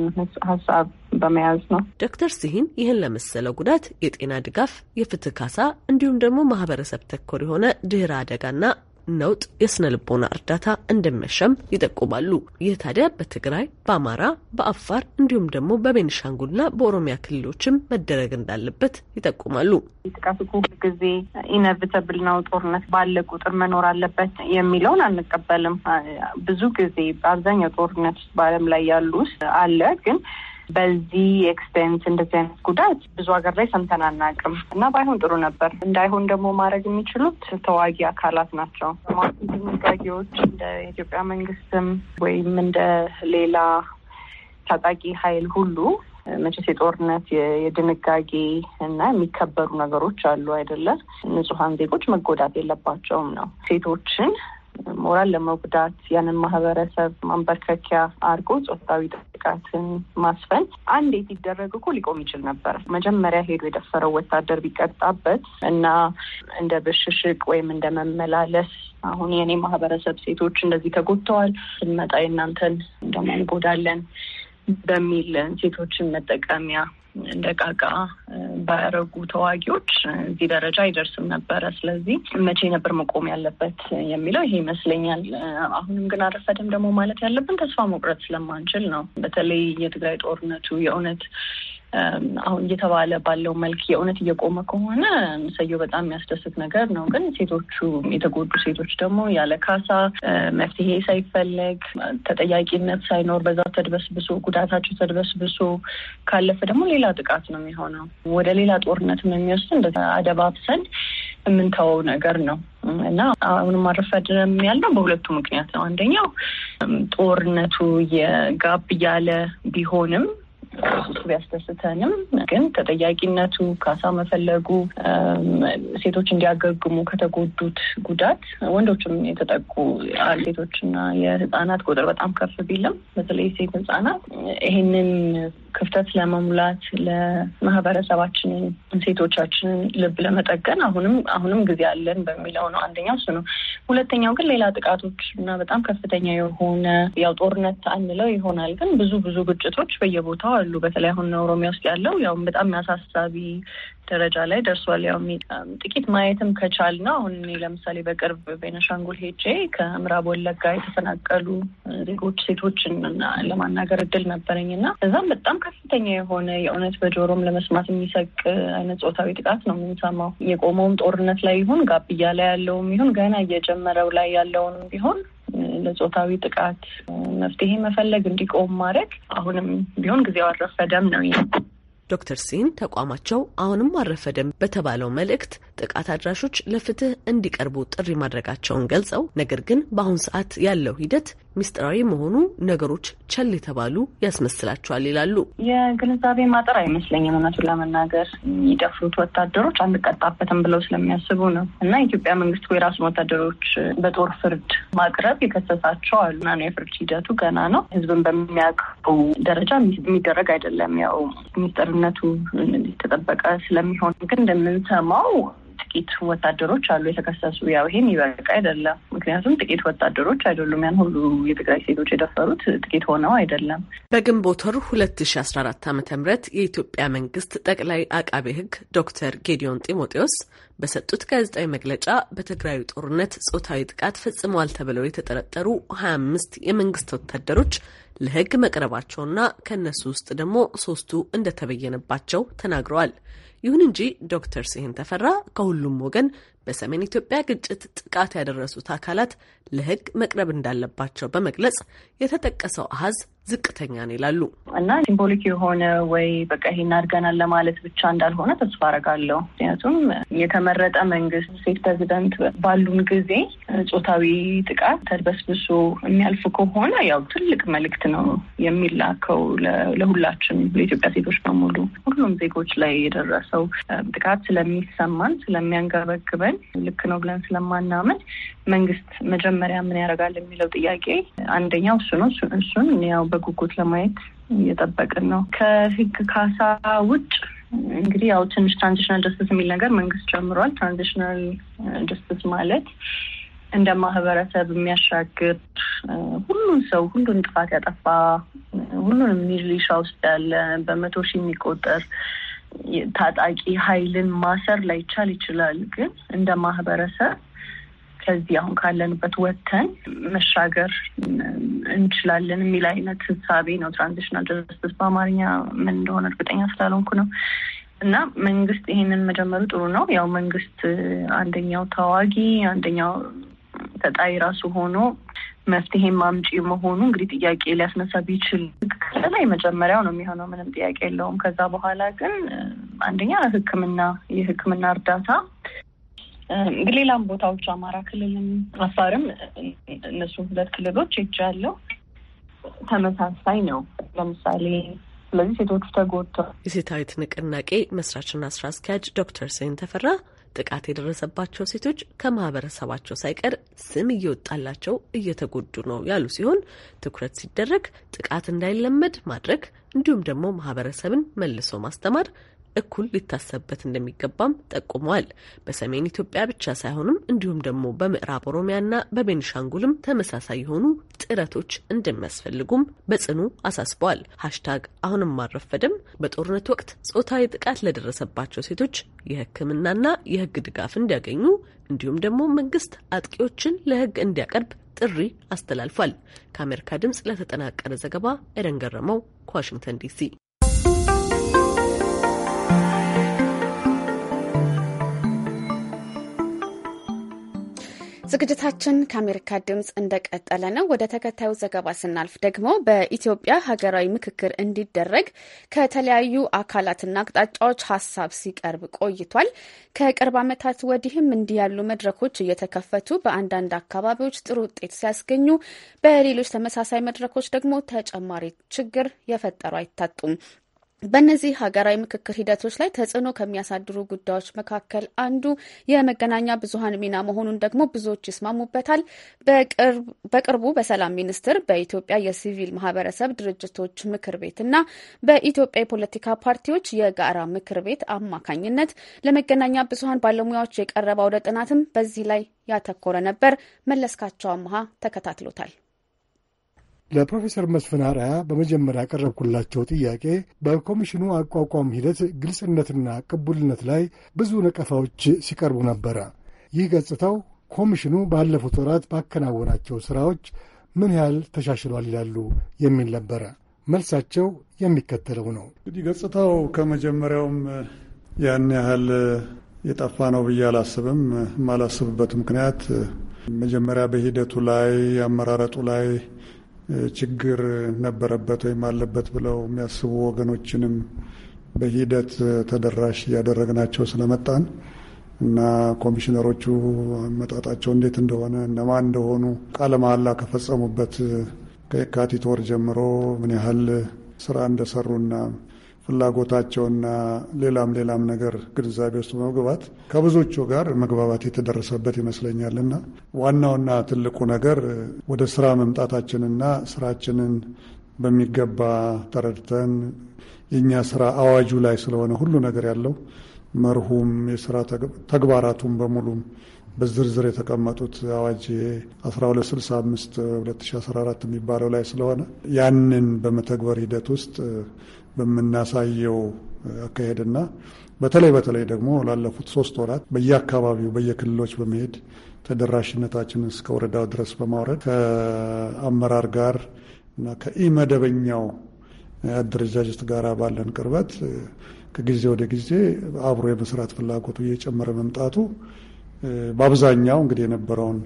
ሀሳብ በመያዝ ነው። ዶክተር ስሂን ይህን ለመሰለው ጉዳት የጤና ድጋፍ፣ የፍትህ ካሳ እንዲሁም ደግሞ ማህበረሰብ ተኮር የሆነ ድህረ አደጋና ነውጥ የስነ ልቦና እርዳታ እንደሚያሻም ይጠቁማሉ። ይህ ታዲያ በትግራይ፣ በአማራ፣ በአፋር እንዲሁም ደግሞ በቤኒሻንጉልና በኦሮሚያ ክልሎችም መደረግ እንዳለበት ይጠቁማሉ። ጥቃቱ ሁል ጊዜ ኢነቪተብል ነው፣ ጦርነት ባለ ቁጥር መኖር አለበት የሚለውን አንቀበልም። ብዙ ጊዜ በአብዛኛው ጦርነት ውስጥ በዓለም ላይ ያሉ ውስጥ አለ ግን በዚህ ኤክስቴንት እንደዚህ አይነት ጉዳት ብዙ ሀገር ላይ ሰምተን አናውቅም እና ባይሆን ጥሩ ነበር። እንዳይሆን ደግሞ ማድረግ የሚችሉት ተዋጊ አካላት ናቸው። ማቱ ድንጋጌዎች እንደ ኢትዮጵያ መንግስትም ወይም እንደ ሌላ ታጣቂ ኃይል ሁሉ መቼስ የጦርነት የድንጋጌ እና የሚከበሩ ነገሮች አሉ አይደለም። ንጹሐን ዜጎች መጎዳት የለባቸውም ነው። ሴቶችን ሞራል ለመጉዳት ያንን ማህበረሰብ ማንበርከኪያ አድርጎ ጾታዊ ጥቃትን ማስፈን አንዴ ሲደረግ እኮ ሊቆም ይችል ነበር። መጀመሪያ ሄዶ የደፈረው ወታደር ቢቀጣበት እና እንደ ብሽሽቅ ወይም እንደ መመላለስ አሁን የእኔ ማህበረሰብ ሴቶች እንደዚህ ተጎድተዋል፣ ስንመጣ የእናንተን እንደማንጎዳለን በሚል ሴቶችን መጠቀሚያ እንደ ቃቃ ባያረጉ ተዋጊዎች እዚህ ደረጃ አይደርስም ነበረ። ስለዚህ መቼ ነበር መቆም ያለበት የሚለው ይሄ ይመስለኛል። አሁንም ግን አረፈደም ደግሞ ማለት ያለብን ተስፋ መቁረጥ ስለማንችል ነው። በተለይ የትግራይ ጦርነቱ የእውነት አሁን እየተባለ ባለው መልክ የእውነት እየቆመ ከሆነ ሰየው በጣም የሚያስደስት ነገር ነው። ግን ሴቶቹ የተጎዱ ሴቶች ደግሞ ያለ ካሳ መፍትሄ ሳይፈለግ ተጠያቂነት ሳይኖር በዛ ተድበስብሶ ጉዳታቸው ተድበስብሶ ካለፈ ደግሞ ሌላ ጥቃት ነው የሚሆነው። ወደ ሌላ ጦርነት የሚወስድ እንደ አደባብሰን የምንተወው ነገር ነው እና አሁንም አረፈድንም ያለው በሁለቱ ምክንያት ነው። አንደኛው ጦርነቱ የጋብ እያለ ቢሆንም እሱ ቢያስደስተንም ግን ተጠያቂነቱ ካሳ መፈለጉ ሴቶች እንዲያገግሙ ከተጎዱት ጉዳት ወንዶችም የተጠቁ ሴቶችና የህጻናት ቁጥር በጣም ከፍ ቢልም በተለይ ሴት ህጻናት ይሄንን ክፍተት ለመሙላት ለማህበረሰባችንን ሴቶቻችንን ልብ ለመጠገን አሁንም አሁንም ጊዜ አለን በሚለው ነው። አንደኛው እሱ ነው። ሁለተኛው ግን ሌላ ጥቃቶች እና በጣም ከፍተኛ የሆነ ያው ጦርነት አንለው ይሆናል ግን ብዙ ብዙ ግጭቶች በየቦታው አሉ። በተለይ አሁን ኦሮሚያ ውስጥ ያለው ያው በጣም አሳሳቢ ደረጃ ላይ ደርሷል። ያው ጥቂት ማየትም ከቻል ነው። አሁን እኔ ለምሳሌ በቅርብ ቤነሻንጉል ሄጄ ከምዕራብ ወለጋ የተፈናቀሉ ዜጎች ሴቶችን ለማናገር እድል ነበረኝ እና እዛም በጣም ከፍተኛ የሆነ የእውነት በጆሮም ለመስማት የሚሰቅ አይነት ጾታዊ ጥቃት ነው የምንሰማው። የቆመውም ጦርነት ላይ ይሁን ጋብያ ላይ ያለውም ይሁን ገና እየጀ የተጀመረው ላይ ያለውንም ቢሆን ለጾታዊ ጥቃት መፍትሄ መፈለግ እንዲቆም ማድረግ አሁንም ቢሆን ጊዜው አልረፈደም ነው። ዶክተር ሲን ተቋማቸው አሁንም ደም በተባለው መልእክት ጥቃት አድራሾች ለፍትህ እንዲቀርቡ ጥሪ ማድረጋቸውን ገልጸው ነገር ግን በአሁን ሰዓት ያለው ሂደት ሚስጥራዊ መሆኑ ነገሮች ቸል የተባሉ ያስመስላቸዋል ይላሉ። የግንዛቤ ማጠር አይመስለኝም። እውነቱን ለመናገር የሚደፍሩት ወታደሮች አንቀጣበትም ብለው ስለሚያስቡ ነው እና የኢትዮጵያ መንግስት የራሱን ወታደሮች በጦር ፍርድ ማቅረብ የከሰሳቸው አሉ እና ነው የፍርድ ሂደቱ ገና ነው። ህዝብን በሚያውቀው ደረጃ የሚደረግ አይደለም። ያው ሚስጥር ደህንነቱ ተጠበቀ ስለሚሆን ግን እንደምንሰማው ጥቂት ወታደሮች አሉ የተከሰሱ። ያው ይሄም ይበቃ አይደለም። ምክንያቱም ጥቂት ወታደሮች አይደሉም። ያን ሁሉ የትግራይ ሴቶች የደፈሩት ጥቂት ሆነው አይደለም። በግንቦት ወር ሁለት ሺ አስራ አራት ዓመተ ምህረት የኢትዮጵያ መንግስት ጠቅላይ አቃቤ ህግ ዶክተር ጌዲዮን ጢሞቴዎስ በሰጡት ጋዜጣዊ መግለጫ በትግራዩ ጦርነት ጾታዊ ጥቃት ፈጽመዋል ተብለው የተጠረጠሩ ሀያ አምስት የመንግስት ወታደሮች ለህግ መቅረባቸውና ከእነሱ ውስጥ ደግሞ ሶስቱ እንደተበየነባቸው ተናግረዋል። ይሁን እንጂ ዶክተር ስሄን ተፈራ ከሁሉም ወገን በሰሜን ኢትዮጵያ ግጭት ጥቃት ያደረሱት አካላት ለህግ መቅረብ እንዳለባቸው በመግለጽ የተጠቀሰው አሀዝ ዝቅተኛ ነው ይላሉ። እና ሲምቦሊክ የሆነ ወይ በቃ ይሄን አድርገናል ለማለት ብቻ እንዳልሆነ ተስፋ አረጋለሁ። ምክንያቱም የተመረጠ መንግስት ሴት ፕሬዚደንት ባሉን ጊዜ ጾታዊ ጥቃት ተድበስብሶ የሚያልፍ ከሆነ ያው ትልቅ መልእክት ነው የሚላከው ለሁላችን ለኢትዮጵያ ሴቶች በሙሉ ሁሉም ዜጎች ላይ የደረሰው ጥቃት ስለሚሰማን ስለሚያንገበግበን ልክ ነው ብለን ስለማናምን መንግስት መጀመሪያ ምን ያደርጋል የሚለው ጥያቄ አንደኛው እሱ ነው። እሱን ያው በጉጉት ለማየት እየጠበቅን ነው። ከህግ ካሳ ውጭ እንግዲህ ያው ትንሽ ትራንዚሽናል ጀስትስ የሚል ነገር መንግስት ጀምሯል። ትራንዚሽናል ጀስትስ uh, ማለት እንደ ማህበረሰብ የሚያሻግር uh, ሁሉን ሰው ሁሉን ጥፋት ያጠፋ ሁሉንም ሚሊሻ ውስጥ ያለ በመቶ ሺህ የሚቆጠር ታጣቂ ኃይልን ማሰር ላይቻል ይችላል። ግን እንደ ማህበረሰብ ከዚህ አሁን ካለንበት ወጥተን መሻገር እንችላለን የሚል አይነት ህሳቤ ነው። ትራንዚሽናል ጀስትስ በአማርኛ ምን እንደሆነ እርግጠኛ ስላልሆንኩ ነው። እና መንግስት ይሄንን መጀመሩ ጥሩ ነው። ያው መንግስት አንደኛው ታዋጊ አንደኛው ተጣይ ራሱ ሆኖ መፍትሄ ማምጪ መሆኑ እንግዲህ ጥያቄ ሊያስነሳ ቢችል ላይ መጀመሪያው ነው የሚሆነው፣ ምንም ጥያቄ የለውም። ከዛ በኋላ ግን አንደኛ ሕክምና የሕክምና እርዳታ ሌላም ቦታዎች አማራ ክልልም አፋርም እነሱ ሁለት ክልሎች ሄጃለሁ። ተመሳሳይ ነው። ለምሳሌ ስለዚህ ሴቶቹ ተጎድተው የሴታዊት ንቅናቄ መስራችና ስራ አስኪያጅ ዶክተር ሴን ተፈራ ጥቃት የደረሰባቸው ሴቶች ከማህበረሰባቸው ሳይቀር ስም እየወጣላቸው እየተጎዱ ነው ያሉ ሲሆን ትኩረት ሲደረግ ጥቃት እንዳይለመድ ማድረግ እንዲሁም ደግሞ ማህበረሰብን መልሶ ማስተማር እኩል ሊታሰብበት እንደሚገባም ጠቁመዋል። በሰሜን ኢትዮጵያ ብቻ ሳይሆንም እንዲሁም ደግሞ በምዕራብ ኦሮሚያና በቤኒሻንጉልም ተመሳሳይ የሆኑ ጥረቶች እንደሚያስፈልጉም በጽኑ አሳስበዋል። ሀሽታግ አሁንም አልረፈደም በጦርነት ወቅት ጾታዊ ጥቃት ለደረሰባቸው ሴቶች የሕክምናና የሕግ ድጋፍ እንዲያገኙ እንዲሁም ደግሞ መንግስት አጥቂዎችን ለሕግ እንዲያቀርብ ጥሪ አስተላልፏል። ከአሜሪካ ድምፅ ለተጠናቀረ ዘገባ ኤደን ገረመው ከዋሽንግተን ዲሲ ዝግጅታችን ከአሜሪካ ድምፅ እንደቀጠለ ነው። ወደ ተከታዩ ዘገባ ስናልፍ ደግሞ በኢትዮጵያ ሀገራዊ ምክክር እንዲደረግ ከተለያዩ አካላትና አቅጣጫዎች ሀሳብ ሲቀርብ ቆይቷል። ከቅርብ ዓመታት ወዲህም እንዲህ ያሉ መድረኮች እየተከፈቱ በአንዳንድ አካባቢዎች ጥሩ ውጤት ሲያስገኙ፣ በሌሎች ተመሳሳይ መድረኮች ደግሞ ተጨማሪ ችግር የፈጠሩ አይታጡም። በእነዚህ ሀገራዊ ምክክር ሂደቶች ላይ ተጽዕኖ ከሚያሳድሩ ጉዳዮች መካከል አንዱ የመገናኛ ብዙኃን ሚና መሆኑን ደግሞ ብዙዎች ይስማሙበታል። በቅርቡ በሰላም ሚኒስቴር በኢትዮጵያ የሲቪል ማህበረሰብ ድርጅቶች ምክር ቤት እና በኢትዮጵያ የፖለቲካ ፓርቲዎች የጋራ ምክር ቤት አማካኝነት ለመገናኛ ብዙኃን ባለሙያዎች የቀረበ አውደ ጥናትም በዚህ ላይ ያተኮረ ነበር። መለስካቸው አምሃ ተከታትሎታል። ለፕሮፌሰር መስፍን አርአያ በመጀመሪያ ያቀረብኩላቸው ጥያቄ በኮሚሽኑ አቋቋም ሂደት ግልጽነትና ቅቡልነት ላይ ብዙ ነቀፋዎች ሲቀርቡ ነበረ። ይህ ገጽታው ኮሚሽኑ ባለፉት ወራት ባከናወናቸው ሥራዎች ምን ያህል ተሻሽሏል ይላሉ የሚል ነበረ። መልሳቸው የሚከተለው ነው። እንግዲህ ገጽታው ከመጀመሪያውም ያን ያህል የጠፋ ነው ብዬ አላስብም። የማላስብበት ምክንያት መጀመሪያ በሂደቱ ላይ አመራረጡ ላይ ችግር ነበረበት ወይም አለበት ብለው የሚያስቡ ወገኖችንም በሂደት ተደራሽ እያደረግናቸው ስለመጣን እና ኮሚሽነሮቹ መጣጣቸው እንዴት እንደሆነ እነማን እንደሆኑ ቃለ መሐላ ከፈጸሙበት ከየካቲት ወር ጀምሮ ምን ያህል ስራ እንደሰሩና ፍላጎታቸውና ሌላም ሌላም ነገር ግንዛቤ ውስጥ መግባት ከብዙዎቹ ጋር መግባባት የተደረሰበት ይመስለኛልና ዋናውና ትልቁ ነገር ወደ ስራ መምጣታችንና ስራችንን በሚገባ ተረድተን የእኛ ስራ አዋጁ ላይ ስለሆነ ሁሉ ነገር ያለው መርሁም የስራ ተግባራቱም በሙሉም በዝርዝር የተቀመጡት አዋጅ 1265 2014 የሚባለው ላይ ስለሆነ ያንን በመተግበር ሂደት ውስጥ በምናሳየው አካሄድና በተለይ በተለይ ደግሞ ላለፉት ሶስት ወራት በየአካባቢው በየክልሎች በመሄድ ተደራሽነታችንን እስከ ወረዳው ድረስ በማውረድ ከአመራር ጋር እና ከኢመደበኛው አደረጃጀት ጋር ባለን ቅርበት ከጊዜ ወደ ጊዜ አብሮ የመስራት ፍላጎቱ እየጨመረ መምጣቱ በአብዛኛው እንግዲህ የነበረውን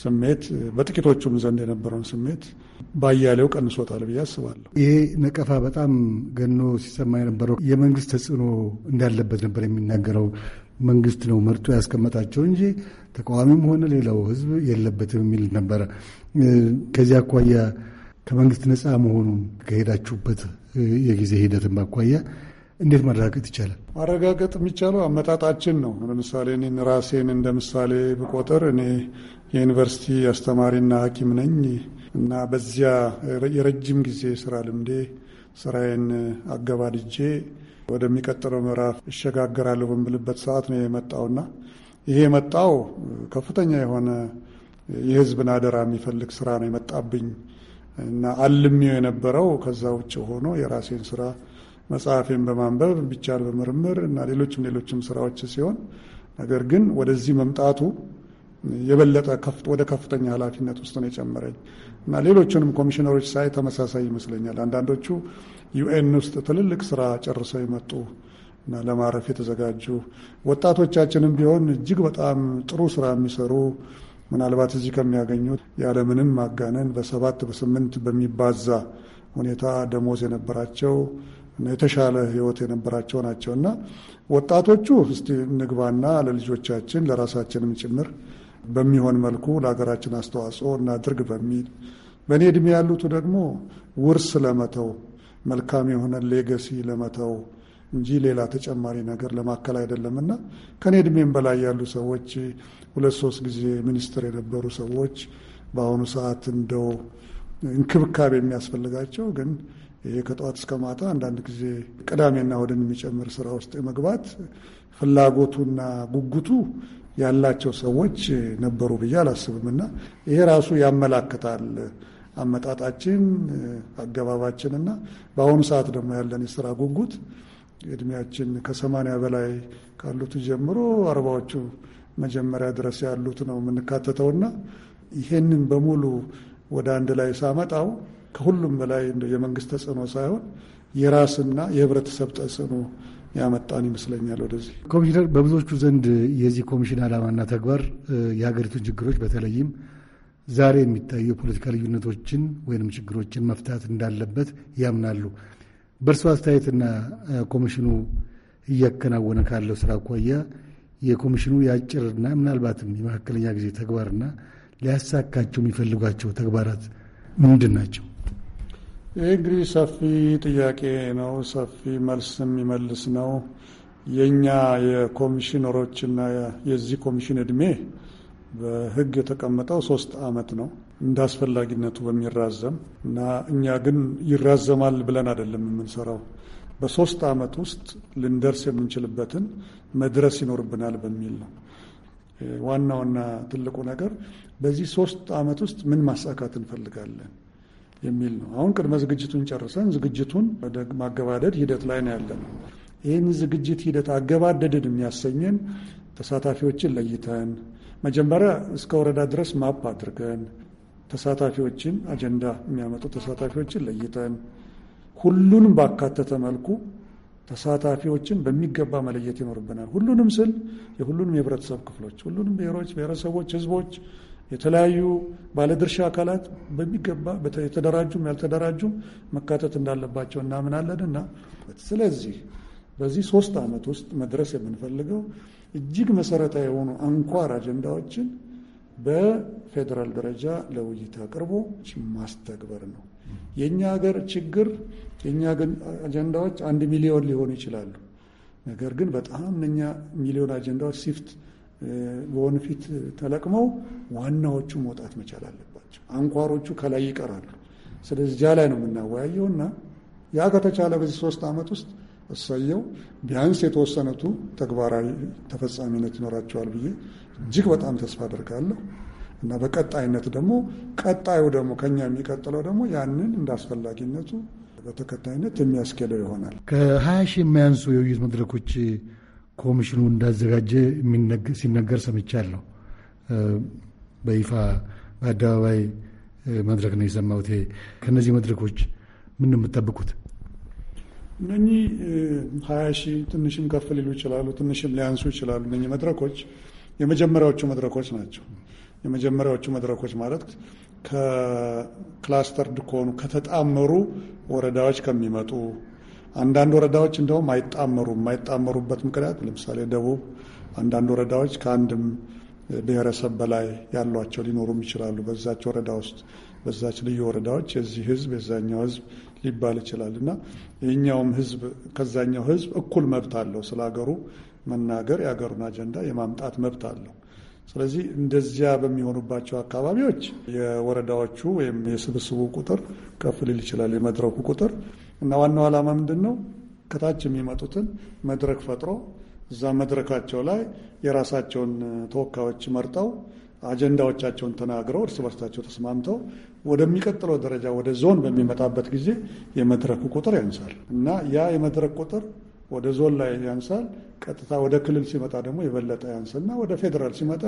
ስሜት በጥቂቶቹም ዘንድ የነበረውን ስሜት ባያሌው ቀንሶታል ብዬ አስባለሁ። ይሄ ነቀፋ በጣም ገኖ ሲሰማ የነበረው የመንግስት ተጽዕኖ እንዳለበት ነበር የሚናገረው። መንግስት ነው መርቶ ያስቀመጣቸው እንጂ ተቃዋሚም ሆነ ሌላው ህዝብ የለበትም የሚል ነበረ። ከዚህ አኳያ ከመንግስት ነፃ መሆኑን ከሄዳችሁበት የጊዜ ሂደትን ባኳያ እንዴት ማረጋገጥ ይቻላል? ማረጋገጥ የሚቻለው አመጣጣችን ነው። ለምሳሌ እኔ ራሴን እንደ ምሳሌ ብቆጥር እኔ የዩኒቨርሲቲ አስተማሪና ሐኪም ነኝ እና በዚያ የረጅም ጊዜ ስራ ልምዴ ስራዬን አገባድጄ ወደሚቀጥለው ምዕራፍ እሸጋገራለሁ በምልበት ሰዓት ነው የመጣውና ይሄ የመጣው ከፍተኛ የሆነ የህዝብን አደራ የሚፈልግ ስራ ነው የመጣብኝ እና አልሚው የነበረው ከዛ ውጭ ሆኖ የራሴን ስራ መጽሐፌን በማንበብ ቢቻል በምርምር እና ሌሎችም ሌሎችም ስራዎች ሲሆን ነገር ግን ወደዚህ መምጣቱ የበለጠ ወደ ከፍተኛ ኃላፊነት ውስጥ ነው የጨመረኝ እና ሌሎችንም ኮሚሽነሮች ሳይ ተመሳሳይ ይመስለኛል። አንዳንዶቹ ዩኤን ውስጥ ትልልቅ ስራ ጨርሰው የመጡ እና ለማረፍ የተዘጋጁ ወጣቶቻችንም ቢሆን እጅግ በጣም ጥሩ ስራ የሚሰሩ ምናልባት እዚህ ከሚያገኙት ያለምንም ማጋነን በሰባት በስምንት በሚባዛ ሁኔታ ደሞዝ የነበራቸው የተሻለ ህይወት የነበራቸው ናቸው እና ወጣቶቹ እስቲ ንግባና ለልጆቻችን ለራሳችንም ጭምር በሚሆን መልኩ ለሀገራችን አስተዋጽኦ እናድርግ በሚል በእኔ እድሜ ያሉቱ ደግሞ ውርስ ለመተው መልካም የሆነ ሌገሲ ለመተው እንጂ ሌላ ተጨማሪ ነገር ለማከል አይደለም እና ከኔ እድሜም በላይ ያሉ ሰዎች ሁለት ሶስት ጊዜ ሚኒስትር የነበሩ ሰዎች በአሁኑ ሰዓት እንደው እንክብካቤ የሚያስፈልጋቸው ግን ይሄ ከጠዋት እስከ ማታ አንዳንድ ጊዜ ቅዳሜና እሁድን የሚጨምር ስራ ውስጥ መግባት ፍላጎቱና ጉጉቱ ያላቸው ሰዎች ነበሩ ብዬ አላስብም። እና ይሄ ራሱ ያመላክታል አመጣጣችን፣ አገባባችን እና በአሁኑ ሰዓት ደግሞ ያለን የስራ ጉጉት እድሜያችን ከሰማንያ በላይ ካሉት ጀምሮ አርባዎቹ መጀመሪያ ድረስ ያሉት ነው የምንካተተውና ይሄንን በሙሉ ወደ አንድ ላይ ሳመጣው ከሁሉም በላይ የመንግስት ተጽዕኖ ሳይሆን የራስና የህብረተሰብ ተጽዕኖ ያመጣን ይመስለኛል። ወደዚህ ኮሚሽነር፣ በብዙዎቹ ዘንድ የዚህ ኮሚሽን ዓላማና ተግባር የሀገሪቱን ችግሮች በተለይም ዛሬ የሚታዩ የፖለቲካ ልዩነቶችን ወይንም ችግሮችን መፍታት እንዳለበት ያምናሉ። በእርሶ አስተያየትና ኮሚሽኑ እያከናወነ ካለው ስራ አኳያ የኮሚሽኑ የአጭርና ምናልባትም የመካከለኛ ጊዜ ተግባርና ሊያሳካቸው የሚፈልጓቸው ተግባራት ምንድን ናቸው? ይህ እንግዲህ ሰፊ ጥያቄ ነው። ሰፊ መልስ የሚመልስ ነው። የእኛ የኮሚሽነሮችና የዚህ ኮሚሽን እድሜ በህግ የተቀመጠው ሶስት አመት ነው እንደ አስፈላጊነቱ በሚራዘም እና እኛ ግን ይራዘማል ብለን አይደለም የምንሰራው። በሶስት አመት ውስጥ ልንደርስ የምንችልበትን መድረስ ይኖርብናል በሚል ነው። ዋና ትልቁ ነገር በዚህ ሶስት አመት ውስጥ ምን ማሳካት እንፈልጋለን የሚል ነው። አሁን ቅድመ ዝግጅቱን ጨርሰን ዝግጅቱን ወደ ማገባደድ ሂደት ላይ ነው ያለ ነው። ይህን ዝግጅት ሂደት አገባደድን የሚያሰኘን ተሳታፊዎችን ለይተን መጀመሪያ እስከ ወረዳ ድረስ ማፕ አድርገን ተሳታፊዎችን አጀንዳ የሚያመጡ ተሳታፊዎችን ለይተን ሁሉንም ባካተተ መልኩ ተሳታፊዎችን በሚገባ መለየት ይኖርብናል። ሁሉንም ስል የሁሉንም የህብረተሰብ ክፍሎች፣ ሁሉንም ብሔሮች፣ ብሔረሰቦች፣ ህዝቦች የተለያዩ ባለድርሻ አካላት በሚገባ የተደራጁም ያልተደራጁም መካተት እንዳለባቸው እናምናለን እና ስለዚህ በዚህ ሶስት ዓመት ውስጥ መድረስ የምንፈልገው እጅግ መሰረታዊ የሆኑ አንኳር አጀንዳዎችን በፌዴራል ደረጃ ለውይይት አቅርቦ ማስተግበር ነው። የእኛ ሀገር ችግር የእኛ አጀንዳዎች አንድ ሚሊዮን ሊሆኑ ይችላሉ። ነገር ግን በጣም እነኛ ሚሊዮን አጀንዳዎች ሲፍት በወንፊት ተለቅመው ዋናዎቹ መውጣት መቻል አለባቸው። አንኳሮቹ ከላይ ይቀራሉ። ስለዚህ እዚያ ላይ ነው የምናወያየው እና ያ ከተቻለ በዚህ ሶስት ዓመት ውስጥ እሰየው ቢያንስ የተወሰነቱ ተግባራዊ ተፈጻሚነት ይኖራቸዋል ብዬ እጅግ በጣም ተስፋ አደርጋለሁ እና በቀጣይነት ደግሞ ቀጣዩ ደግሞ ከኛ የሚቀጥለው ደግሞ ያንን እንደ አስፈላጊነቱ በተከታይነት የሚያስኬደው ይሆናል። ከሀያ ሺህ የሚያንሱ የውይይት መድረኮች ኮሚሽኑ እንዳዘጋጀ ሲነገር ሰምቻለሁ። በይፋ በአደባባይ መድረክ ነው የሰማሁት። ከእነዚህ መድረኮች ምን የምጠብቁት? እነኚህ ሀያ ሺህ ትንሽም ከፍ ሊሉ ይችላሉ፣ ትንሽም ሊያንሱ ይችላሉ። እነኚህ መድረኮች የመጀመሪያዎቹ መድረኮች ናቸው። የመጀመሪያዎቹ መድረኮች ማለት ከክላስተርድ ከሆኑ ከተጣመሩ ወረዳዎች ከሚመጡ አንዳንድ ወረዳዎች እንደውም አይጣመሩ የማይጣመሩበት ምክንያት ለምሳሌ ደቡብ አንዳንድ ወረዳዎች ከአንድም ብሔረሰብ በላይ ያሏቸው ሊኖሩም ይችላሉ። በዛች ወረዳ ውስጥ በዛች ልዩ ወረዳዎች የዚህ ህዝብ የዛኛው ህዝብ ሊባል ይችላል እና የኛውም ህዝብ ከዛኛው ህዝብ እኩል መብት አለው። ስለ ሀገሩ መናገር የሀገሩን አጀንዳ የማምጣት መብት አለው። ስለዚህ እንደዚያ በሚሆኑባቸው አካባቢዎች የወረዳዎቹ ወይም የስብስቡ ቁጥር ከፍ ሊል ይችላል፣ የመድረኩ ቁጥር እና ዋናው ዓላማ ምንድን ነው? ከታች የሚመጡትን መድረክ ፈጥሮ እዛ መድረካቸው ላይ የራሳቸውን ተወካዮች መርጠው አጀንዳዎቻቸውን ተናግረው እርስ በርሳቸው ተስማምተው ወደሚቀጥለው ደረጃ ወደ ዞን በሚመጣበት ጊዜ የመድረኩ ቁጥር ያንሳል እና ያ የመድረክ ቁጥር ወደ ዞን ላይ ያንሳል። ቀጥታ ወደ ክልል ሲመጣ ደግሞ የበለጠ ያንስና ወደ ፌዴራል ሲመጣ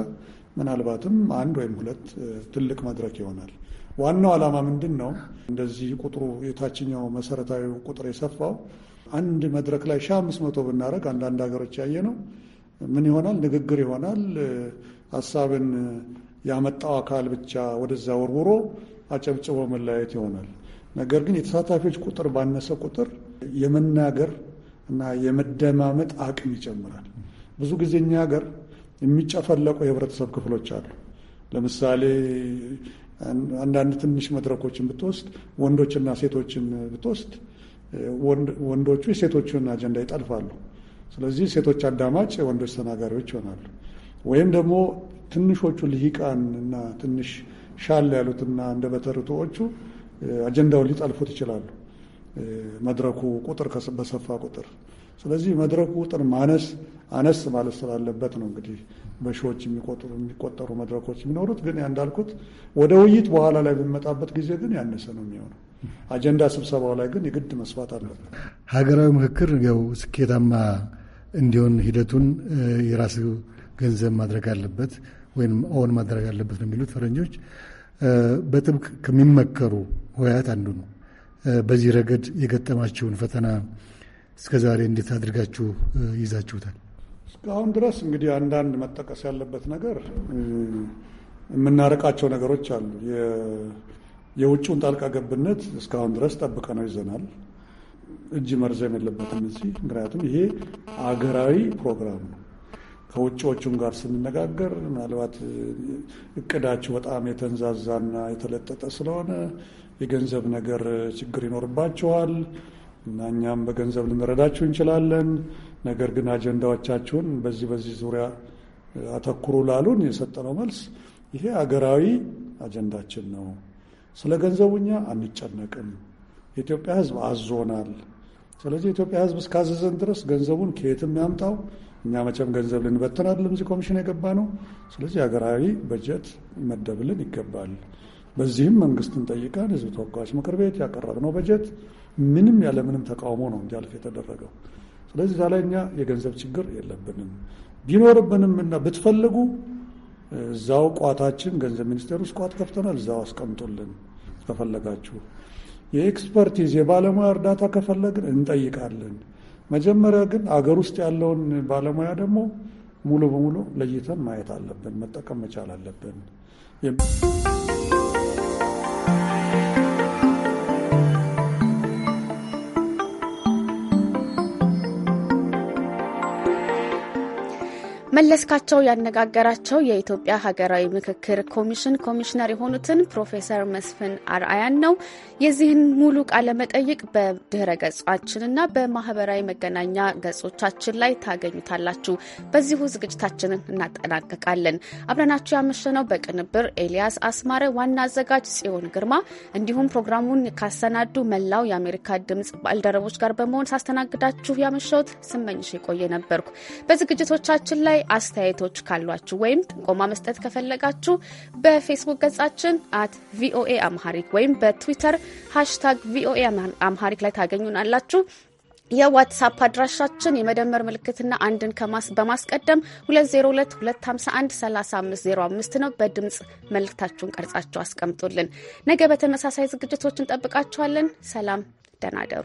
ምናልባትም አንድ ወይም ሁለት ትልቅ መድረክ ይሆናል። ዋናው ዓላማ ምንድን ነው? እንደዚህ ቁጥሩ የታችኛው መሰረታዊ ቁጥር የሰፋው አንድ መድረክ ላይ ሺህ አምስት መቶ ብናደረግ አንዳንድ ሀገሮች ያየ ነው ምን ይሆናል? ንግግር ይሆናል። ሀሳብን ያመጣው አካል ብቻ ወደዛ ወርውሮ አጨብጭቦ መለያየት ይሆናል። ነገር ግን የተሳታፊዎች ቁጥር ባነሰ ቁጥር የመናገር እና የመደማመጥ አቅም ይጨምራል። ብዙ ጊዜ እኛ ሀገር የሚጨፈለቁ የህብረተሰብ ክፍሎች አሉ። ለምሳሌ አንዳንድ ትንሽ መድረኮችን ብትወስድ ወንዶችና ሴቶችን ብትወስድ ወንዶቹ የሴቶችን አጀንዳ ይጠልፋሉ። ስለዚህ ሴቶች አዳማጭ፣ የወንዶች ተናጋሪዎች ይሆናሉ። ወይም ደግሞ ትንሾቹ ልሂቃን እና ትንሽ ሻል ያሉትና እንደ በተርቶዎቹ አጀንዳውን ሊጠልፉት ይችላሉ መድረኩ ቁጥር በሰፋ ቁጥር። ስለዚህ መድረኩ ቁጥር ማነስ አነስ ማለት ስላለበት ነው እንግዲህ በሺዎች የሚቆጠሩ የሚቆጠሩ መድረኮች የሚኖሩት። ግን እንዳልኩት ወደ ውይይት በኋላ ላይ በሚመጣበት ጊዜ ግን ያነሰ ነው የሚሆነው። አጀንዳ ስብሰባው ላይ ግን የግድ መስፋት አለበት። ሀገራዊ ምክክር ያው ስኬታማ እንዲሆን ሂደቱን የራስ ገንዘብ ማድረግ አለበት ወይም ኦን ማድረግ አለበት ነው የሚሉት ፈረንጆች። በጥብቅ ከሚመከሩ ሆያት አንዱ ነው። በዚህ ረገድ የገጠማችሁን ፈተና እስከዛሬ እንዴት አድርጋችሁ ይዛችሁታል? እስካሁን ድረስ እንግዲህ አንዳንድ መጠቀስ ያለበት ነገር የምናርቃቸው ነገሮች አሉ። የውጭውን ጣልቃ ገብነት እስካሁን ድረስ ጠብቀ ነው ይዘናል። እጅ መርዘም የለበትም እዚህ። ምክንያቱም ይሄ አገራዊ ፕሮግራም ነው። ከውጭዎቹም ጋር ስንነጋገር ምናልባት እቅዳችሁ በጣም የተንዛዛና የተለጠጠ ስለሆነ የገንዘብ ነገር ችግር ይኖርባችኋል እና እኛም በገንዘብ ልንረዳችሁ እንችላለን ነገር ግን አጀንዳዎቻችሁን በዚህ በዚህ ዙሪያ አተኩሩ ላሉን የሰጠነው መልስ ይሄ አገራዊ አጀንዳችን ነው። ስለ ገንዘቡ እኛ አንጨነቅም። የኢትዮጵያ ሕዝብ አዞናል። ስለዚህ የኢትዮጵያ ሕዝብ እስካዘዘን ድረስ ገንዘቡን ከየትም ያምጣው እኛ መቼም ገንዘብ ልንበትን አይደለም እዚህ ኮሚሽን የገባ ነው። ስለዚህ ሀገራዊ በጀት መደብልን ይገባል። በዚህም መንግስትን ጠይቀን ህዝብ ተወካዮች ምክር ቤት ያቀረብነው በጀት ምንም ያለምንም ተቃውሞ ነው እንዲያልፍ የተደረገው። ስለዚህ እዛ ላይ እኛ የገንዘብ ችግር የለብንም። ቢኖርብንም እና ብትፈልጉ እዛው ቋታችን ገንዘብ ሚኒስቴር ውስጥ ቋት ከፍተናል። እዛው አስቀምጡልን ከፈለጋችሁ። የኤክስፐርቲዝ የባለሙያ እርዳታ ከፈለግን እንጠይቃለን። መጀመሪያ ግን አገር ውስጥ ያለውን ባለሙያ ደግሞ ሙሉ በሙሉ ለይተን ማየት አለብን። መጠቀም መቻል አለብን። መለስካቸው ያነጋገራቸው የኢትዮጵያ ሀገራዊ ምክክር ኮሚሽን ኮሚሽነር የሆኑትን ፕሮፌሰር መስፍን አርአያን ነው። የዚህን ሙሉ ቃለ መጠይቅ በድህረ ገጻችንና በማህበራዊ መገናኛ ገጾቻችን ላይ ታገኙታላችሁ። በዚሁ ዝግጅታችንን እናጠናቀቃለን። አብረናችሁ ያመሸነው በቅንብር ኤልያስ አስማረ፣ ዋና አዘጋጅ ጽዮን ግርማ እንዲሁም ፕሮግራሙን ካሰናዱ መላው የአሜሪካ ድምጽ ባልደረቦች ጋር በመሆን ሳስተናግዳችሁ ያመሸሁት ስመኝሽ የቆየ ነበርኩ። በዝግጅቶቻችን ላይ አስተያየቶች ካሏችሁ ወይም ጥንቆማ መስጠት ከፈለጋችሁ በፌስቡክ ገጻችን አት ቪኦኤ አምሃሪክ ወይም በትዊተር ሃሽታግ ቪኦኤ አምሃሪክ ላይ ታገኙናላችሁ። የዋትሳፕ አድራሻችን የመደመር ምልክትና አንድን በማስቀደም 2022513505 ነው። በድምፅ መልእክታችሁን ቀርጻችሁ አስቀምጡልን። ነገ በተመሳሳይ ዝግጅቶች እንጠብቃችኋለን። ሰላም፣ ደህና እደሩ።